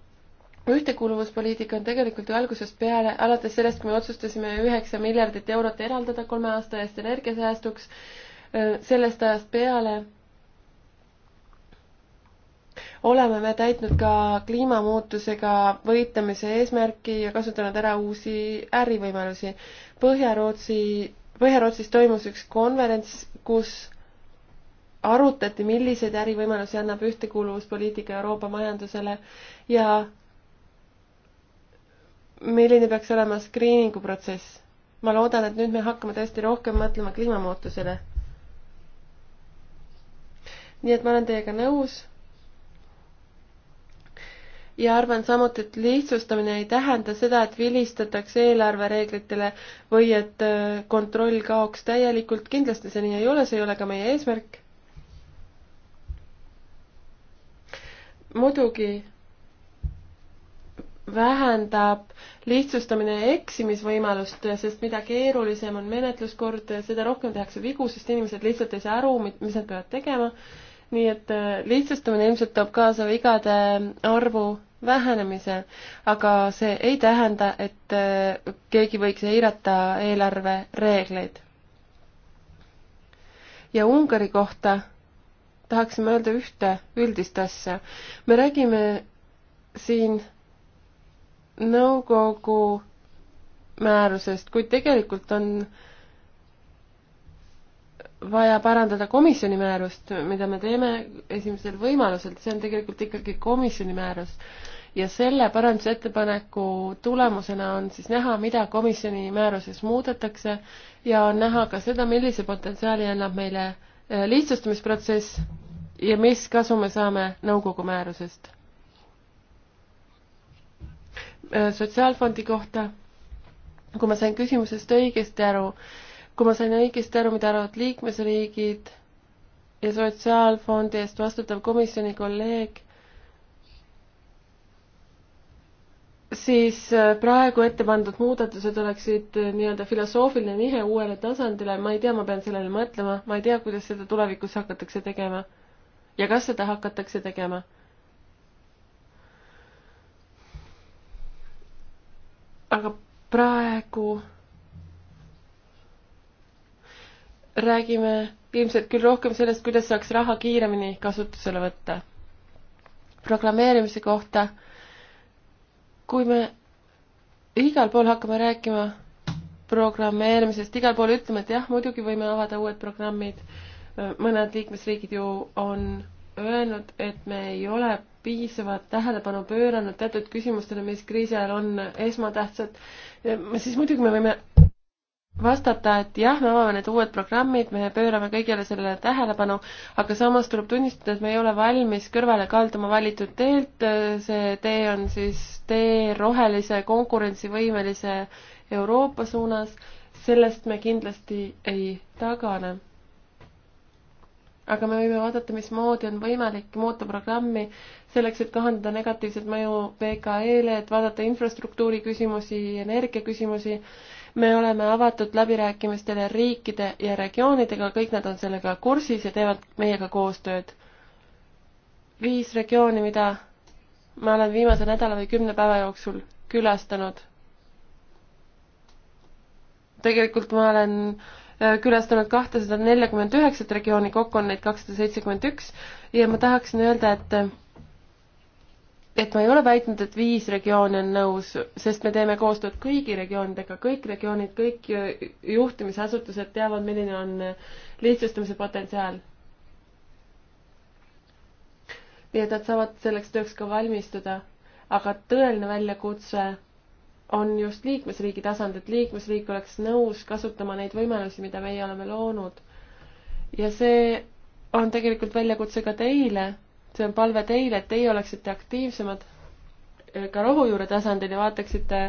ühtekuuluvuspoliitika on tegelikult ju algusest peale, alates sellest, kui me otsustasime üheksa miljardit eurot eraldada kolme aasta eest energiasäästuks, äh, sellest ajast peale oleme me täitnud ka kliimamuutusega võitlemise eesmärki ja kasutanud ära uusi ärivõimalusi. Põhja-Rootsi, Põhja-Rootsis toimus üks konverents, kus arutati, milliseid ärivõimalusi annab ühtekuuluvuspoliitika Euroopa majandusele ja milline peaks olema screening'u protsess. ma loodan, et nüüd me hakkame tõesti rohkem mõtlema kliimamuutusele. nii et ma olen teiega nõus ja arvan samuti, et lihtsustamine ei tähenda seda, et vilistatakse eelarvereeglitele või et äh, kontroll kaoks täielikult, kindlasti see nii ei ole, see ei ole ka meie eesmärk. muidugi vähendab lihtsustamine eksimisvõimalust, sest mida keerulisem on menetluskord, seda rohkem tehakse vigu, sest inimesed lihtsalt ei saa aru, mis nad peavad tegema nii et äh, lihtsustamine ilmselt toob kaasa vigade arvu vähenemise, aga see ei tähenda, et äh, keegi võiks eirata eelarvereegleid. ja Ungari kohta tahaksime öelda ühte üldist asja. me räägime siin nõukogu määrusest, kuid tegelikult on äh, vaja parandada komisjoni määrust, mida me teeme esimesel võimalusel, see on tegelikult ikkagi komisjoni määrus. ja selle parandusettepaneku tulemusena on siis näha, mida komisjoni määruses muudetakse ja on näha ka seda, millise potentsiaali annab meile eh, lihtsustamisprotsess ja mis kasu me saame nõukogu määrusest. Eh, sotsiaalfondi kohta, kui ma sain küsimusest õigesti aru, kui ma sain õigesti aru, mida arvavad liikmesriigid ja Sotsiaalfondi eest vastutav komisjoni kolleeg, siis äh, praegu ette pandud muudatused oleksid äh, nii-öelda filosoofiline nihe uuele tasandile, ma ei tea, ma pean sellele mõtlema, ma ei tea, kuidas seda tulevikus hakatakse tegema ja kas seda hakatakse tegema. aga praegu räägime ilmselt küll rohkem sellest, kuidas saaks raha kiiremini kasutusele võtta. programmeerimise kohta, kui me igal pool hakkame rääkima programmeerimisest, igal pool ütleme, et jah, muidugi võime avada uued programmid, mõned liikmesriigid ju on öelnud, et me ei ole piisavat tähelepanu pööranud teatud küsimustele, mis kriisi ajal on esmatähtsad, siis muidugi me võime vastata, et jah, me avame need uued programmid, me pöörame kõigele sellele tähelepanu, aga samas tuleb tunnistada, et me ei ole valmis kõrvale kalduma valitud teelt, see tee on siis tee rohelise konkurentsivõimelise Euroopa suunas, sellest me kindlasti ei tagane. aga me võime vaadata, mismoodi on võimalik muuta programmi selleks, et kahandada negatiivset mõju VKE-le, et vaadata infrastruktuuri küsimusi, energiaküsimusi, me oleme avatud läbirääkimistele riikide ja regioonidega, kõik nad on sellega kursis ja teevad meiega koostööd. viis regiooni, mida ma olen viimase nädala või kümne päeva jooksul külastanud. tegelikult ma olen äh, külastanud kahtesada neljakümmend üheksat regiooni, kokku on neid kakssada seitsekümmend üks ja ma tahaksin öelda, et et ma ei ole väitnud, et viis regiooni on nõus, sest me teeme koostööd kõigi regioonidega, kõik regioonid, kõik juhtimisasutused teavad, milline on lihtsustamise potentsiaal. nii et nad saavad selleks tööks ka valmistuda, aga tõeline väljakutse on just liikmesriigi tasand, et liikmesriik oleks nõus kasutama neid võimalusi, mida meie oleme loonud. ja see on tegelikult väljakutse ka teile see on palve teile, et teie oleksite aktiivsemad äh, ka rohujuure tasandil ja vaataksite,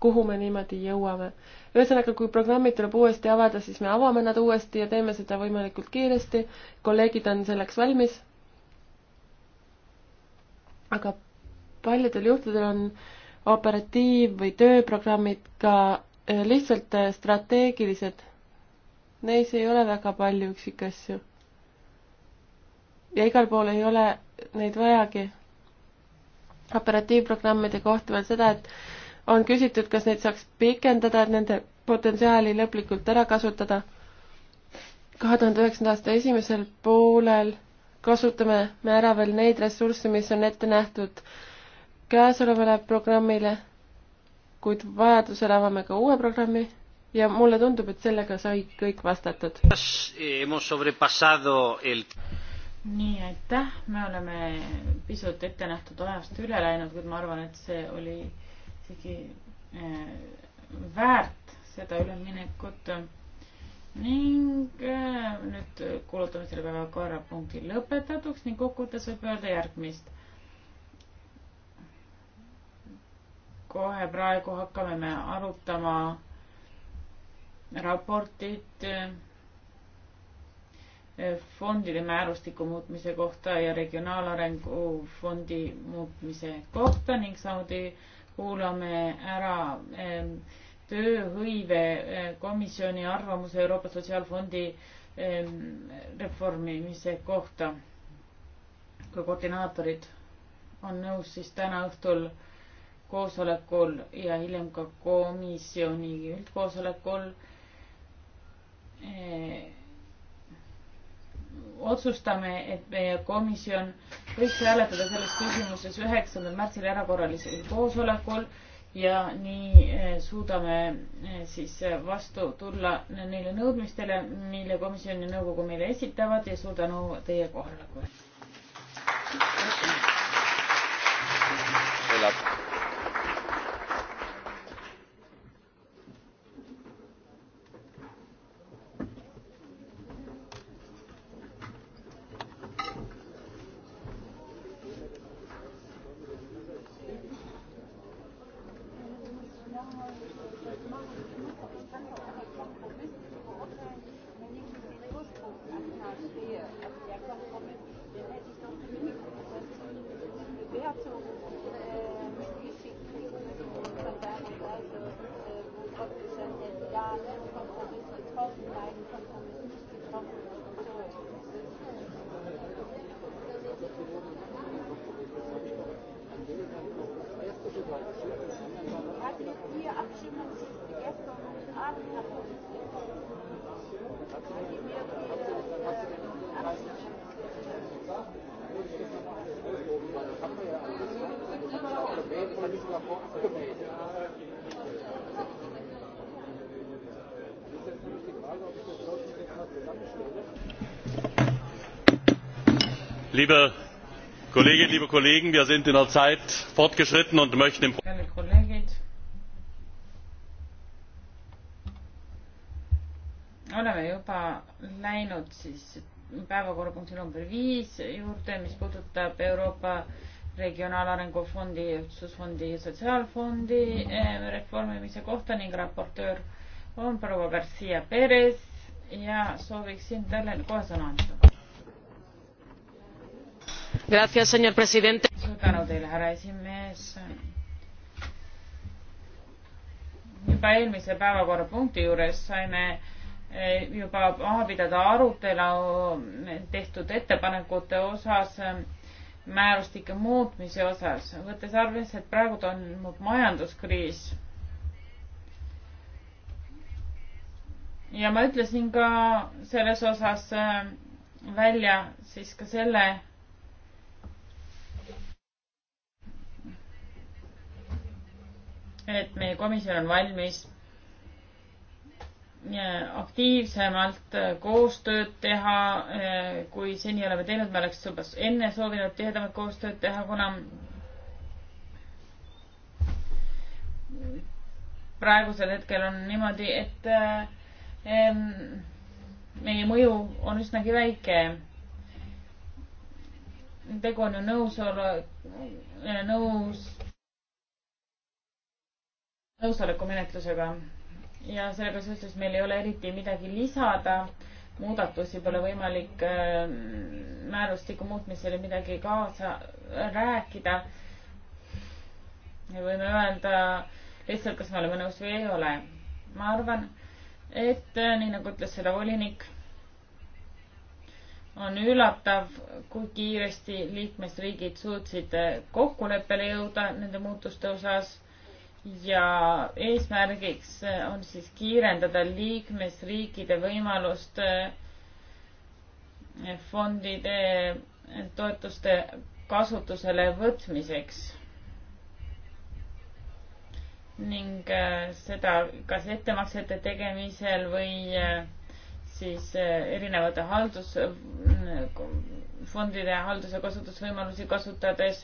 kuhu me niimoodi jõuame. ühesõnaga, kui programmid tuleb uuesti avada, siis me avame nad uuesti ja teeme seda võimalikult kiiresti. kolleegid on selleks valmis. aga paljudel juhtudel on operatiiv- või tööprogrammid ka äh, lihtsalt äh, strateegilised. Neis ei ole väga palju üksikasju. ja igal pool ei ole neid vajagi. operatiivprogrammide kohta veel seda, et on küsitud, kas neid saaks pikendada, et nende potentsiaali lõplikult ära kasutada. kahe tuhande üheksanda aasta esimesel poolel kasutame me ära veel neid ressursse, mis on ette nähtud käesolevale programmile, kuid vajadusel avame ka uue programmi ja mulle tundub, et sellega sai kõik vastatud nii, aitäh, me oleme pisut ettenähtud ajast üle läinud, kuid ma arvan, et see oli isegi äh, väärt seda üleminekut. ning äh, nüüd kuulutame selle päevakorrapunkti lõpetatuks ning kokkuvõttes võib öelda järgmist. kohe praegu hakkame me arutama raportit äh, fondide määrustiku muutmise kohta ja regionaalarengu fondi muutmise kohta ning samuti kuulame ära tööhõive komisjoni arvamuse Euroopa Sotsiaalfondi reformimise kohta. kui koordinaatorid on nõus, siis täna õhtul koosolekul ja hiljem ka komisjoni üldkoosolekul eh, otsustame, et meie komisjon võiks hääletada selles küsimuses üheksandal märtsil erakorralisel koosolekul ja nii eh, suudame eh, siis vastu tulla neile nõudmistele, mille komisjon ja nõukogu meile esitavad ja suur tänu teie kohaloleku eest. liebe kolleginnen liebe kollegen! wir sind in der zeit fortgeschritten und möchten dem oleme juba läinud siis päevakorrapunkti number viis juurde, mis puudutab Euroopa Regionaalarengu Fondi, Ühtsusfondi ja Sotsiaalfondi eh, reformimise kohta ning raportöör on proua Garcia Perez ja sooviksin talle kohe sõna anda suur tänu teile, härra esimees. juba eelmise päevakorrapunkti juures saime eh, juba maha pidada arutelu tehtud ettepanekute osas, määrustike muutmise osas, võttes arvesse, et praegu toimub majanduskriis. ja ma ütlesin ka selles osas eh, välja siis ka selle, et meie komisjon on valmis äh, aktiivsemalt äh, koostööd teha, äh, kui seni oleme teinud, me oleks juba enne soovinud tihedamat koostööd teha, kuna praegusel hetkel on niimoodi, et meie mõju on üsnagi väike. tegu on ju nõusoleku, nõus nõusolekumenetlusega ja sellega seoses meil ei ole eriti midagi lisada, muudatusi pole võimalik ähm, määrustiku muutmisele midagi kaasa rääkida. me võime öelda lihtsalt, kas me oleme nõus või ei ole. ma arvan, et äh, nii nagu ütles seda volinik, on üllatav, kui kiiresti liikmesriigid suutsid äh, kokkuleppele jõuda nende muutuste osas ja eesmärgiks äh, on siis kiirendada liikmesriikide võimalust äh, fondide äh, toetuste kasutusele võtmiseks ning seda kas ettemaksete tegemisel või siis erinevate haldus, fondide halduse kasutusvõimalusi kasutades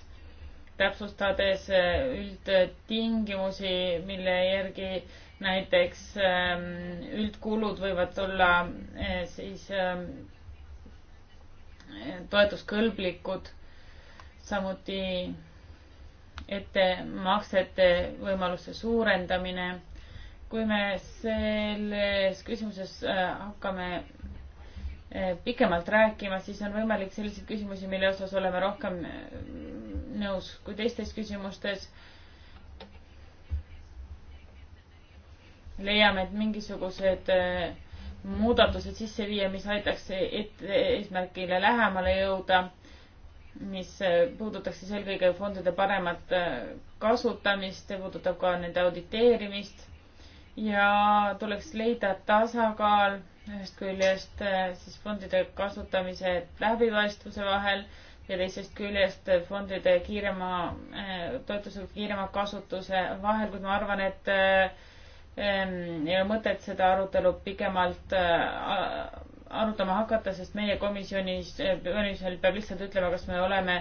täpsustades äh, üldtingimusi, mille järgi näiteks ähm, üldkulud võivad olla äh, siis ähm, toetuskõlblikud, samuti ettemaksete võimaluste suurendamine. kui me selles küsimuses äh, hakkame Eh, pikemalt rääkima, siis on võimalik selliseid küsimusi, mille osas oleme rohkem eh, nõus kui teistes küsimustes. leiame, et mingisugused eh, muudatused sisse viia, mis aitaks eesmärgile lähemale jõuda, mis puudutaks siis eelkõige fondide paremat kasutamist, puudutab ka nende auditeerimist ja tuleks leida tasakaal ühest küljest äh, siis fondide kasutamise läbipaistvuse vahel ja teisest küljest fondide kiirema, äh, toetuse kiirema kasutuse vahel, kuid ma arvan, et äh, ei ole mõtet seda arutelu pikemalt arutama hakata, sest meie komisjonis, komisjonil peab lihtsalt ütlema, kas me oleme,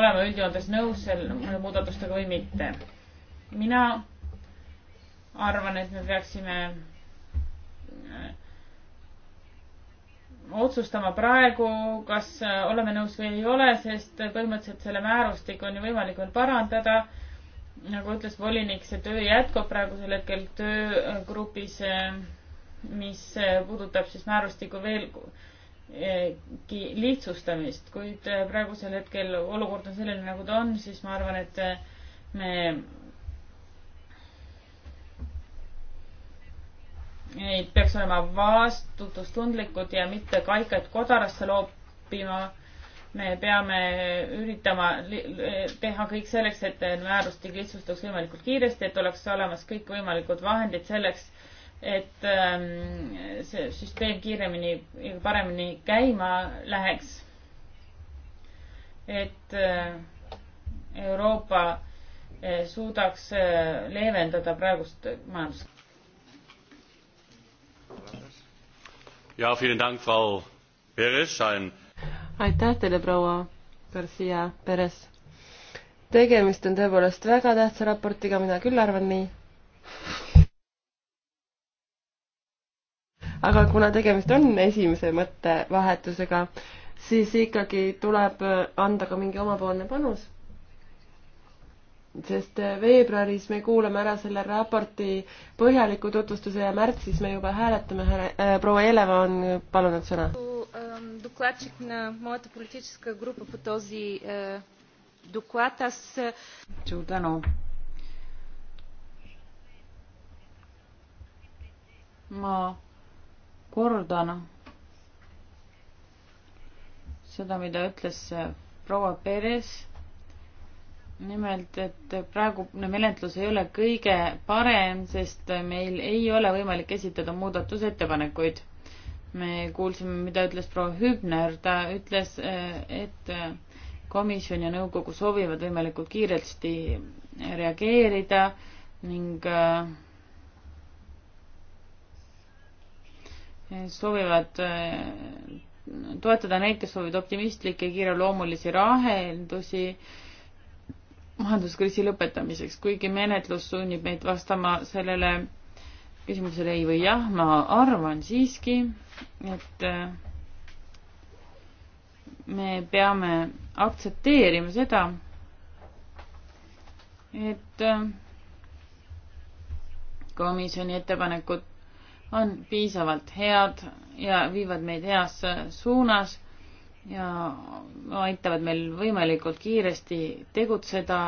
oleme üldjoontes nõus selle muudatustega või mitte. mina arvan, et me peaksime otsustama praegu, kas äh, oleme nõus või ei ole, sest põhimõtteliselt selle määrustik on ju võimalik veel parandada. nagu ütles volinik, see töö jätkub praegusel hetkel töögrupis, äh, mis äh, puudutab siis määrustiku veelgi lihtsustamist, kuid praegusel hetkel olukord on selline, nagu ta on, siis ma arvan, et me neid peaks olema vastutustundlikud ja mitte kaikaid kodarasse loopima. me peame üritama teha kõik selleks, et määrustik lihtsustuks võimalikult kiiresti, et oleks olemas kõikvõimalikud vahendid selleks, et ähm, see süsteem kiiremini ja paremini käima läheks. et äh, Euroopa äh, suudaks äh, leevendada praegust majandust aitäh teile, proua Garcia Perez. tegemist on tõepoolest väga tähtsa raportiga, mina küll arvan nii. aga kuna tegemist on esimese mõttevahetusega, siis ikkagi tuleb anda ka mingi omapoolne panus sest äh, veebruaris me kuulame ära selle raporti põhjaliku tutvustuse ja märtsis me juba hääletame, äh, proua Jeleva on palunud sõna. suur tänu. ma kordan seda, mida ütles äh, proua Perez nimelt, et praegune menetlus ei ole kõige parem, sest meil ei ole võimalik esitada muudatusettepanekuid. me kuulsime, mida ütles proua Hübner, ta ütles, eh, et komisjon ja nõukogu soovivad võimalikult kiiresti reageerida ning eh, soovivad eh, toetada neid, kes soovivad optimistlikke kiireloomulisi lahendusi majanduskriisi lõpetamiseks, kuigi menetlus sunnib meid vastama sellele küsimusele ei või jah, ma arvan siiski, et äh, me peame aktsepteerima seda, et äh, komisjoni ettepanekud on piisavalt head ja viivad meid heas suunas ja aitavad meil võimalikult kiiresti tegutseda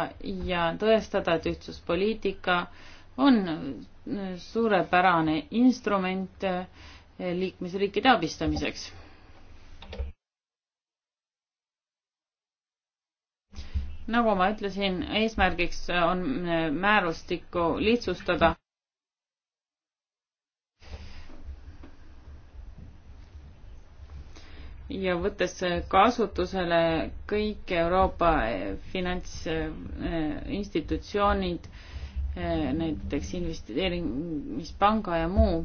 ja tõestada, et ühtsuspoliitika on suurepärane instrument eh, liikmesriikide abistamiseks. nagu ma ütlesin, eesmärgiks on eh, määrustikku lihtsustada. ja võttes kasutusele kõik Euroopa eh, finantsinstitutsioonid, eh, eh, näiteks investeerimispanga ja muu,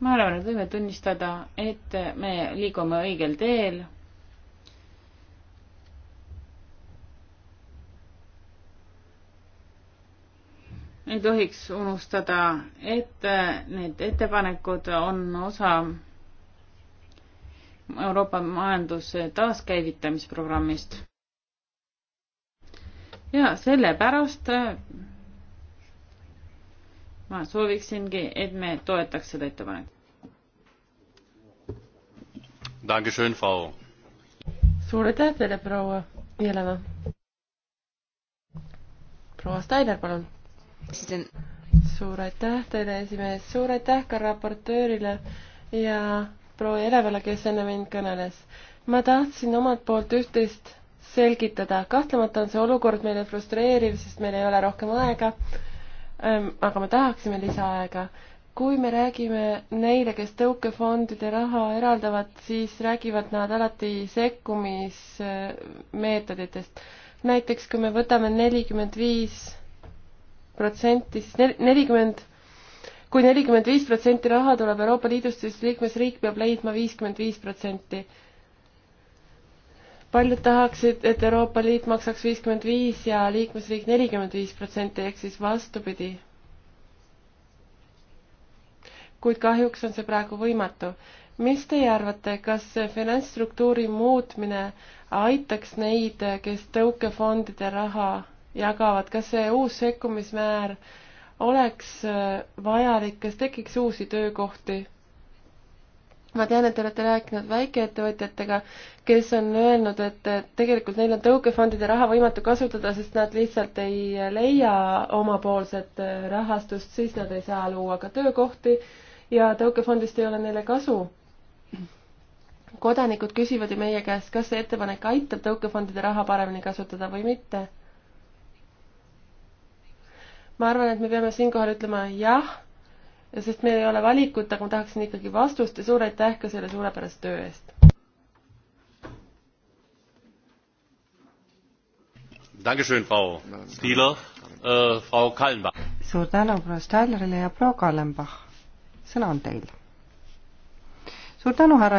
ma arvan, et võime tunnistada, et me liigume õigel teel. ei tohiks unustada, et need ettepanekud on osa Euroopa majanduse taaskäivitamisprogrammist. ja sellepärast äh, ma sooviksingi, et me toetaks seda ettepanekut. suur aitäh teile, proua Jelena. proua Steiner, palun. suur aitäh teile, esimees, suur aitäh ka raportöörile ja proua Jerevale, kes enne mind kõneles. ma tahtsin omalt poolt üht-teist selgitada, kahtlemata on see olukord meile frustreeriv, sest meil ei ole rohkem aega. Ähm, aga me tahaksime lisaaega. kui me räägime neile, kes tõukefondide raha eraldavad, siis räägivad nad alati sekkumismeetoditest. näiteks kui me võtame nelikümmend viis protsenti, siis nelikümmend 40 kui nelikümmend viis protsenti raha tuleb Euroopa Liidust, siis liikmesriik peab leidma viiskümmend viis protsenti. paljud tahaksid, et Euroopa Liit maksaks viiskümmend viis ja liikmesriik nelikümmend viis protsenti ehk siis vastupidi. kuid kahjuks on see praegu võimatu. mis teie arvate, kas finantsstruktuuri muutmine aitaks neid, kes tõukefondide raha jagavad, kas see uus sekkumismäär äh, oleks äh, vajalik, kas tekiks uusi töökohti? ma tean, et te olete rääkinud väikeettevõtjatega, kes on öelnud, et tegelikult neil on tõukefondide raha võimatu kasutada, sest nad lihtsalt ei leia omapoolset äh, rahastust, siis nad ei saa luua ka töökohti ja tõukefondist ei ole neile kasu. kodanikud küsivad ju meie käest, kas see ettepanek aitab tõukefondide raha paremini kasutada või mitte ma arvan, et me peame siinkohal ütlema jah, sest meil ei ole valikut, aga ma tahaksin ikkagi vastust ja suur aitäh ka selle suurepärase töö eest. Äh, suur tänu, proua Stahlerile ja proua Kallenbach. sõna on teil. suur tänu, härra